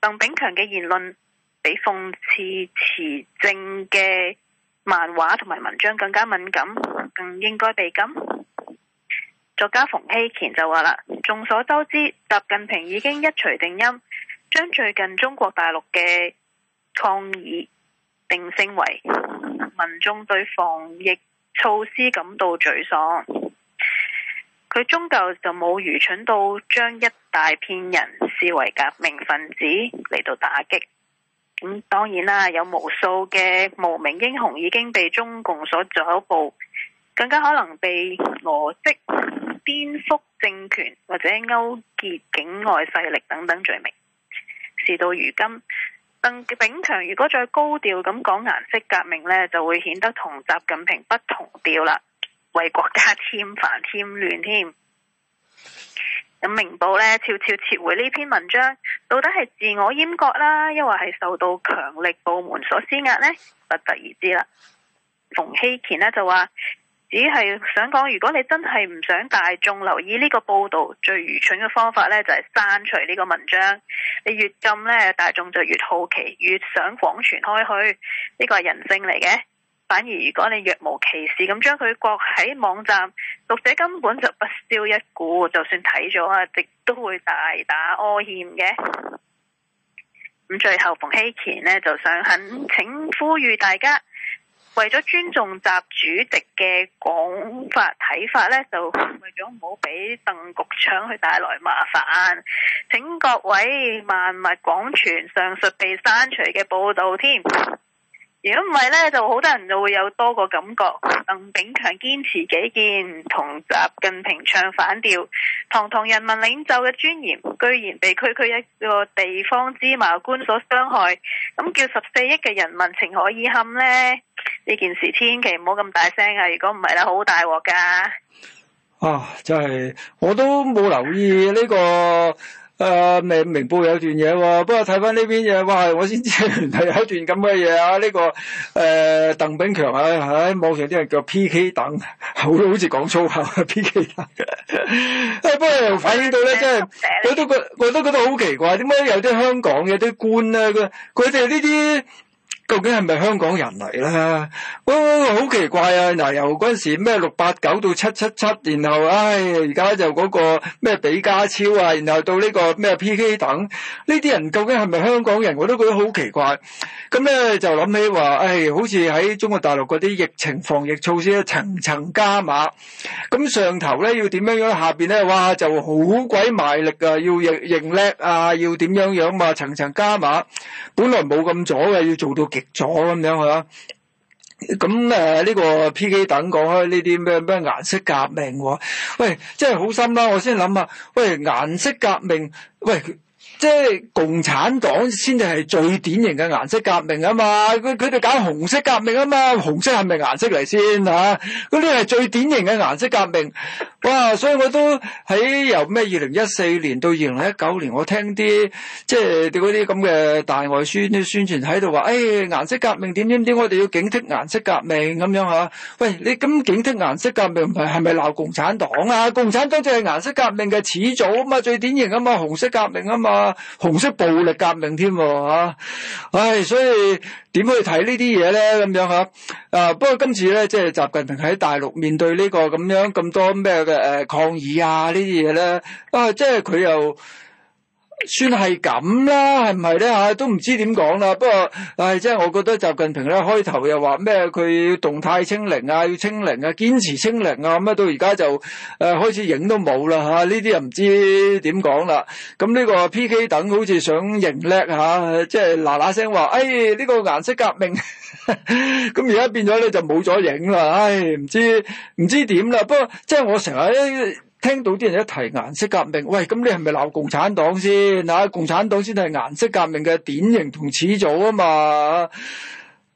鄧炳強嘅言論比諷刺時政嘅漫畫同埋文章更加敏感，更應該被禁。作家馮晞乾就話啦，眾所周知，習近平已經一錘定音，將最近中國大陸嘅抗議定性為民眾對防疫措施感到沮喪。佢終究就冇愚蠢到將一大片人。視為革命分子嚟到打擊，咁、嗯、當然啦，有無數嘅無名英雄已經被中共所抓捕，更加可能被羅織、顛覆政權或者勾結境外勢力等等罪名。事到如今，鄧炳強如果再高調咁講顏色革命呢，就會顯得同習近平不同調啦，為國家添煩添亂添。咁明報呢悄悄，撤回呢篇文章，到底係自我閹割啦，抑或係受到強力部門所施壓呢？不得而知啦。馮晞乾呢就話，只係想講，如果你真係唔想大眾留意呢個報道，最愚蠢嘅方法呢就係、是、刪除呢個文章。你越禁呢，大眾就越好奇，越想廣傳開去。呢個係人性嚟嘅。反而，如果你若無其事咁將佢擱喺網站，讀者根本就不屑一顧，就算睇咗啊，亦都會大打呵欠嘅。咁最後，馮晞乾呢就想懇請呼籲大家，為咗尊重習主席嘅講法、睇法呢，就為咗唔好俾鄧局長去帶來麻煩，請各位萬勿廣傳上述被刪除嘅報道添。如果唔係呢，就好多人就會有多個感覺。鄧炳強堅持己見，同習近平唱反調，堂堂人民領袖嘅尊嚴，居然被區區一個地方芝麻官所傷害，咁叫十四億嘅人民情何以堪呢？呢件事千祈唔好咁大聲啊！如果唔係啦，好大鑊噶。啊，真係，我都冇留意呢、這個。誒、啊、明明報有段嘢喎，不過睇翻呢邊嘢，哇！我先知係有一段咁嘅嘢啊！呢、這個誒、呃、鄧炳強啊，喺、哎、網上啲人叫 P.K. 鄧，好好似講粗口 P.K. 鄧嘅， 不過反映到咧， 真係我都覺我 都覺得好 奇怪，點解有啲香港有啲官咧、啊，佢佢哋呢啲。究竟係咪香港人嚟咧？哇，好奇怪啊！嗱，由嗰陣時咩六八九到七七七，然後唉，而家就嗰個咩比加超啊，然後到呢個咩 PK 等，呢啲人究竟係咪香港人？我都覺得好奇怪。咁咧就諗起話，唉、哎，好似喺中國大陸嗰啲疫情防疫措施層層加碼，咁上頭咧要點樣樣，下邊咧哇就好鬼賣力啊，要認認叻啊，要點樣樣嘛，層層加碼，本來冇咁阻嘅，要做到幾？咗咁樣係啊，咁誒呢個 PK 等講開呢啲咩咩顏色革命？喂，真係好心啦，我先諗下，喂，顏色革命，喂。即係共產黨先至係最典型嘅顏色革命啊嘛，佢佢哋搞紅色革命啊嘛，紅色係咪顏色嚟先吓？咁呢係最典型嘅顏色革命，哇！所以我都喺由咩二零一四年到二零一九年，我聽啲即係嗰啲咁嘅大外宣啲宣傳喺度話，誒、哎，顏色革命點點點，我哋要警惕顏色革命咁樣吓、啊。喂，你咁警惕顏色革命，唔係係咪鬧共產黨啊？共產黨就係顏色革命嘅始祖啊嘛，最典型啊嘛，紅色革命啊嘛。紅色暴力革命添喎嚇，唉，所以點去睇呢啲嘢咧？咁樣吓、啊，啊！不過今次咧，即係習近平喺大陸面對呢個咁樣咁多咩嘅誒抗議啊這些東西呢啲嘢咧啊！即係佢又。算係咁啦，係唔係咧吓？都唔知點講啦。不過，唉、哎，即、就、係、是、我覺得習近平咧開頭又話咩，佢要動態清零啊，要清零啊，堅持清零啊，咁咧到而家就誒、呃、開始影都冇啦吓。呢、啊、啲又唔知點講啦。咁、嗯、呢、這個 PK 等好似想影叻吓、啊，即係嗱嗱聲話，哎，呢、這個顏色革命，咁而家變咗咧就冇咗影啦。唉、哎，唔知唔知點啦。不過，即係我成日。聽到啲人一提顏色革命，喂，咁你係咪鬧共產黨先？嗱，共產黨先係顏色革命嘅典型同始祖啊嘛。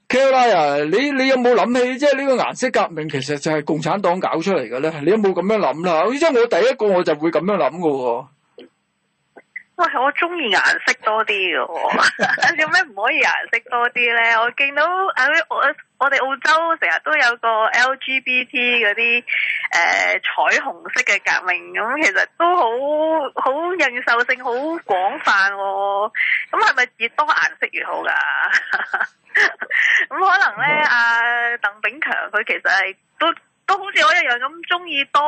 Kella 啊，你你有冇諗起即係呢個顏色革命其實就係共產黨搞出嚟嘅咧？你有冇咁樣諗啦？好似我第一個我就會咁樣諗㗎喎。喂、哎，我中意顏色多啲嘅喎，有咩唔可以顏色多啲咧？我見到我我哋澳洲成日都有個 LGBT 嗰啲、呃、彩虹色嘅革命，咁其實都好好認受性好廣泛喎。咁係咪越多顏色越好㗎？咁 可能咧，阿、啊、鄧炳強佢其實係都。都好似我一樣咁中意多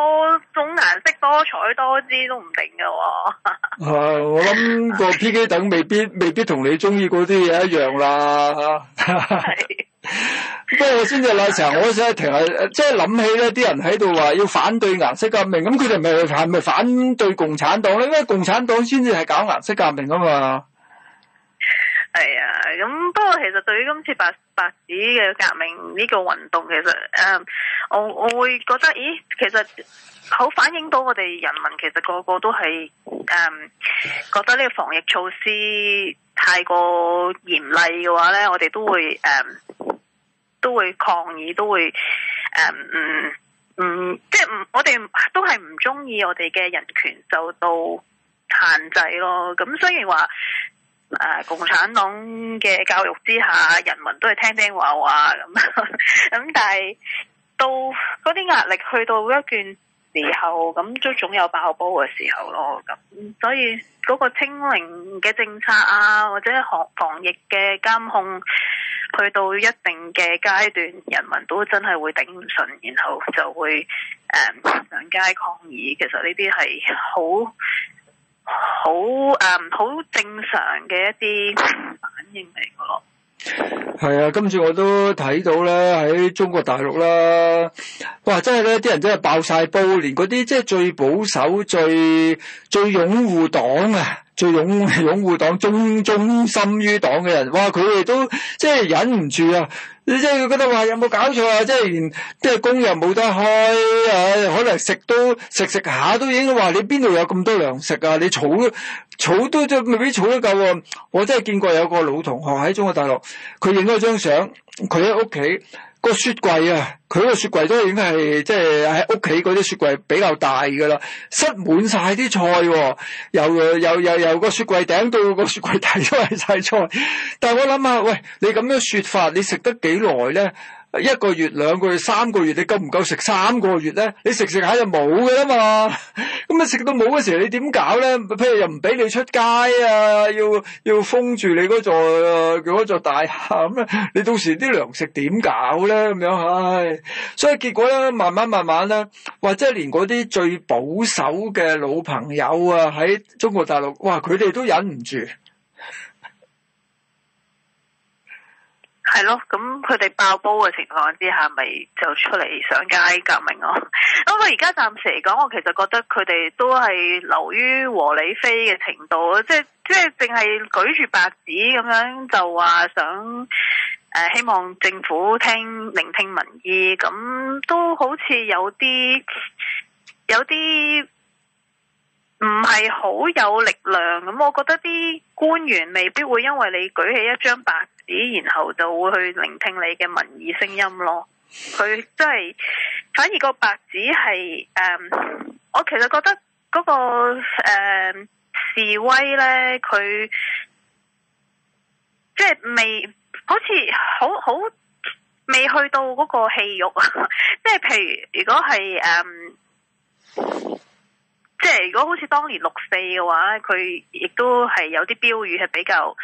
種顏色、多彩多姿都唔定㗎喎、哦啊。我諗個 P K 等未必未必同你中意嗰啲嘢一樣啦。係是的、啊。不過我先至啦，成日我都成日停係，即係諗起咧，啲人喺度話要反對顏色革命，咁佢哋咪係咪反對共產黨咧？因為共產黨先至係搞顏色革命啊嘛。係啊，咁不過其實對於今次白白紙嘅革命呢個運動，其實誒、嗯，我我會覺得，咦，其實好反映到我哋人民其實個個都係誒、嗯，覺得呢個防疫措施太過嚴厲嘅話咧，我哋都會誒、嗯，都會抗議，都會誒，嗯嗯，即係唔，我哋都係唔中意我哋嘅人權受到限制咯。咁雖然話。誒、啊，共產黨嘅教育之下，人民都係聽聽話話咁，咁但係到嗰啲壓力去到一段時候，咁都總有爆煲嘅時候咯。咁所以嗰個清零嘅政策啊，或者防防疫嘅監控，去到一定嘅階段，人民都真係會頂唔順，然後就會誒、嗯、上街抗議。其實呢啲係好。好誒、好正常嘅一啲反應嚟嘅咯。係啊，今次我都睇到咧，喺中國大陸啦，哇！真係咧啲人真係爆晒煲，連嗰啲即係最保守、最最擁護黨啊、最擁擁護黨、忠忠心於黨嘅人，哇！佢哋都即係忍唔住啊！你即係佢覺得話有冇搞錯啊！即係連啲工又冇得開啊，唉，可能食都食食下都已經話你邊度有咁多糧食啊！你儲儲都都未必儲得夠喎。我真係見過有個老同學喺中國大陸，佢影咗張相，佢喺屋企。個雪櫃啊，佢個雪櫃都已經係即係喺屋企嗰啲雪櫃比較大噶啦，塞滿晒啲菜。哦，喎，由，由，由個雪櫃頂到個雪櫃底都係晒菜。但係我諗下，喂，你咁樣說法，你食得幾耐咧？一個月兩個月三個月，你夠唔夠食三個月咧？你食食下就冇㗎啦嘛，咁你食到冇嘅時候，你點搞咧？譬如又唔俾你出街啊，要要封住你嗰座嗰座大廈咁，你到時啲糧食點搞咧？咁樣，唉，所以結果咧，慢慢慢慢咧，或者係連嗰啲最保守嘅老朋友啊，喺中國大陸，哇，佢哋都忍唔住。係咯，咁佢哋爆煲嘅情況之下，咪就出嚟上街革命咯。不過而家暫時嚟講，我其實覺得佢哋都係流於和理非嘅程度，即係即係淨係舉住白紙咁樣就話想誒、呃，希望政府聽聆聽民意，咁都好似有啲有啲唔係好有力量。咁我覺得啲官員未必會因為你舉起一張白紙。然後就會去聆聽你嘅民意聲音咯。佢真係，反而個白紙係誒、嗯，我其實覺得嗰、那個誒、嗯、示威咧，佢即係未好似好好未去到嗰個氣欲，即 係譬如如果係誒，即、嗯、係、就是、如果好似當年六四嘅話咧，佢亦都係有啲標語係比較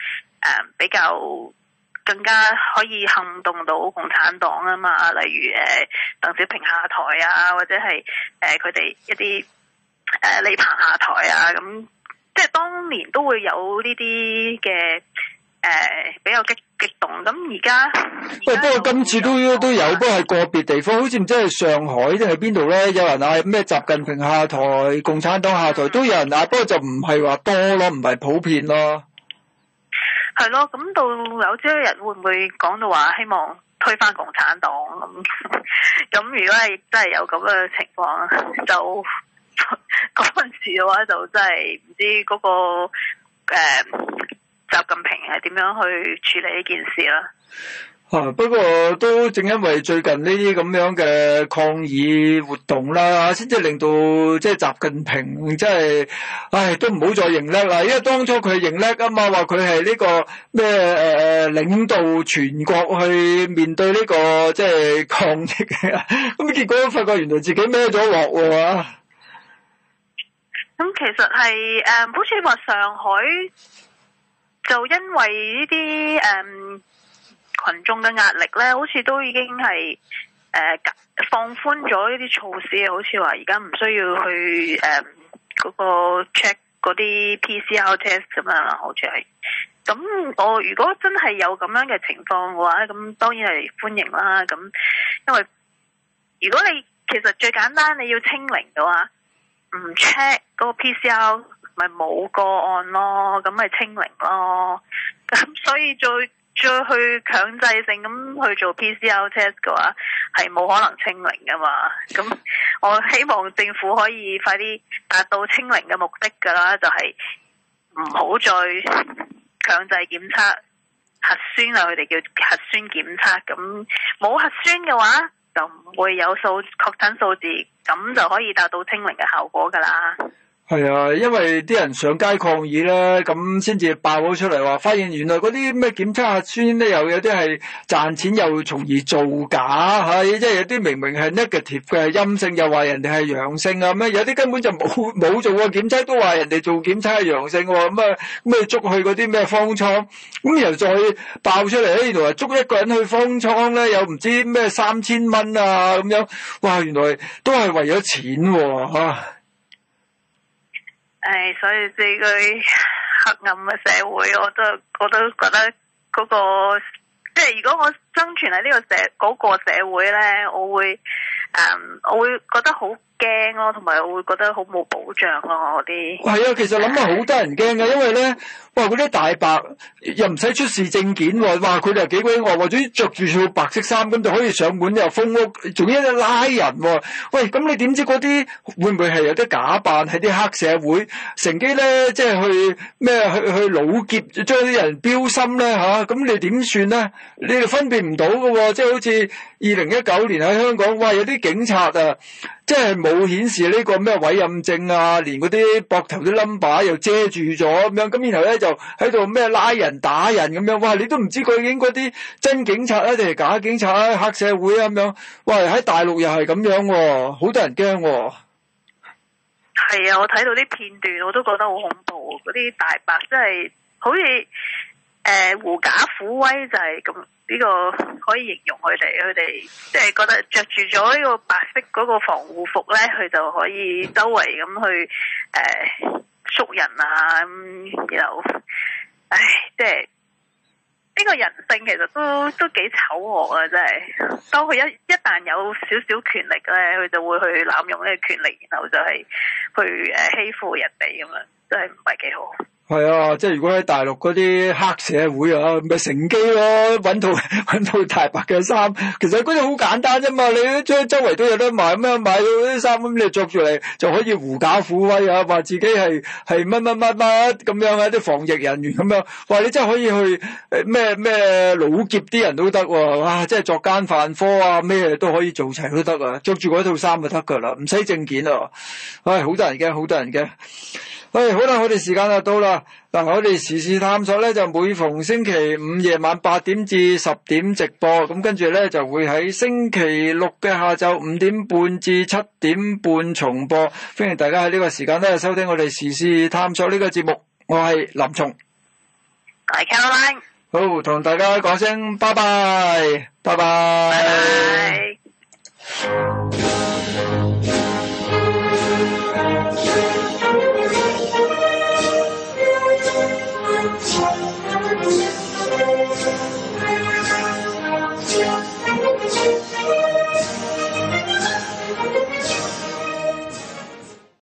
誒比較。嗯比較更加可以撼動到共產黨啊嘛，例如誒鄧小平下台啊，或者係誒佢哋一啲誒李鵬下台啊，咁、嗯、即係當年都會有呢啲嘅誒比較激激動。咁而家不過今次都都有，不過係個別地方，好似唔知係上海定係邊度咧，有人嗌咩習近平下台、共產黨下台，嗯、都有人嗌。不過就唔係話多咯，唔係普遍咯。係咯，咁到有朝一日會唔會講到話希望推翻共產黨咁？咁如果係真係有咁嘅情況，就嗰陣時嘅話，就真係唔知嗰、嗰個誒習、呃、近平係點樣去處理呢件事啦。啊！不過都正因為最近呢啲咁樣嘅抗議活動啦，先至令到即係習近平即係，唉，都唔好再認叻啦。因為當初佢認叻啊嘛，話佢係呢個咩誒誒領導全國去面對呢、這個即係抗疫嘅，咁 結果發覺原來自己孭咗鑊喎。咁其實係誒、嗯，好似話上海就因為呢啲誒。嗯群眾嘅壓力咧，好似都已經係誒、呃、放寬咗呢啲措施，好似話而家唔需要去誒嗰、呃嗰個 check 嗰啲 PCR test 咁樣啦，好似係。咁我如果真係有咁樣嘅情況嘅話咧，咁當然係歡迎啦。咁因為如果你其實最簡單你要清零嘅話，唔 check 嗰個 PCR 咪冇個案咯，咁咪清零咯。咁所以最再去強制性咁去做 PCR test 嘅話，係冇可能清零噶嘛。咁我希望政府可以快啲達到清零嘅目的噶啦，就係唔好再強制檢測核酸啊！佢哋叫核酸檢測，咁冇核酸嘅話，就唔會有數確診數字，咁就可以達到清零嘅效果噶啦。係啊，因為啲人上街抗議咧，咁先至爆咗出嚟話，發現原來嗰啲咩檢測核酸咧，又有啲係賺錢又從而造假，吓、啊，即係有啲明明係 negative 嘅陰性，又話人哋係陽性啊，咩？有啲根本就冇冇做個檢測，檢測都話人哋做檢測係陽性喎。咁啊，捉去嗰啲咩方艙，咁又再爆出嚟，誒，原來捉一個人去方艙咧，又唔知咩三千蚊啊咁樣，哇，原來都係為咗錢吓、啊。誒、哎，所以呢個黑暗嘅社會，我都我都覺得嗰、嗰個，即係如果我生存喺呢個社嗰、嗰個社會咧，我會誒、嗯，我會覺得好驚咯，同埋、啊、我會覺得好冇保障咯、啊，嗰啲係啊，其實諗下好多人驚噶，因為咧，哇，嗰啲大白又唔使出示證件喎、啊，哇，佢哋係幾鬼惡，或者着住套白色衫咁就可以上門又封屋，仲要拉人喎、啊，喂，咁你點知嗰啲會唔會係有啲假扮喺啲黑社會乘機呢，乘機咧即係去咩去去擄劫，將啲人標心咧吓，咁、啊、你點算咧？你哋分辨唔到噶喎，即係好似。二零一九年喺香港，哇！有啲警察啊，即係冇顯示呢個咩委任證啊，連嗰啲膊頭啲 number 又遮住咗咁樣，咁然後咧就喺度咩拉人打人咁樣，哇！你都唔知究竟嗰啲真警察啊定係假警察啊，黑社會啊咁樣，喂，喺大陸又係咁樣啊，好多人驚啊。係啊，我睇到啲片段，我都覺得好恐怖，嗰啲大白即係好似誒狐假虎威就係咁。呢個可以形容佢哋，佢哋即係覺得穿着住咗呢個白色個防護服咧，佢就可以周圍咁去誒捉、呃、人啊，咁然後，唉、哎，即係呢個人性其實都都幾醜惡啊，真係當佢一一旦有少少權力咧，佢就會去濫用呢個權力，然後就係去誒欺負人哋咁樣，真係唔係幾好。係啊，即係如果喺大陸嗰啲黑社會啊，咪乘機咯、啊，揾套套大白嘅衫。其實嗰啲好簡單啫嘛，你周周圍都有得買，咁樣買嗰啲衫咁，你着住嚟就可以狐假虎威啊，話自己係係乜乜乜乜咁樣啊，啲防疫人員咁樣。話你真係可以去咩咩老劫啲人都得喎、啊啊，即真係作奸犯科啊，咩都可以做齊都得啊，着住嗰套衫就得噶啦，唔使證件啊。唉、哎，好多人嘅，好多人嘅。誒、哎，好啦，我哋時間就到啦。嗱，我哋時事探索咧就每逢星期五夜晚八點至十點直播，咁跟住咧就會喺星期六嘅下晝五點半至七點半重播。歡迎大家喺呢個時間咧收聽我哋時事探索呢個節目。我係林松，好同大家講聲拜拜，拜拜。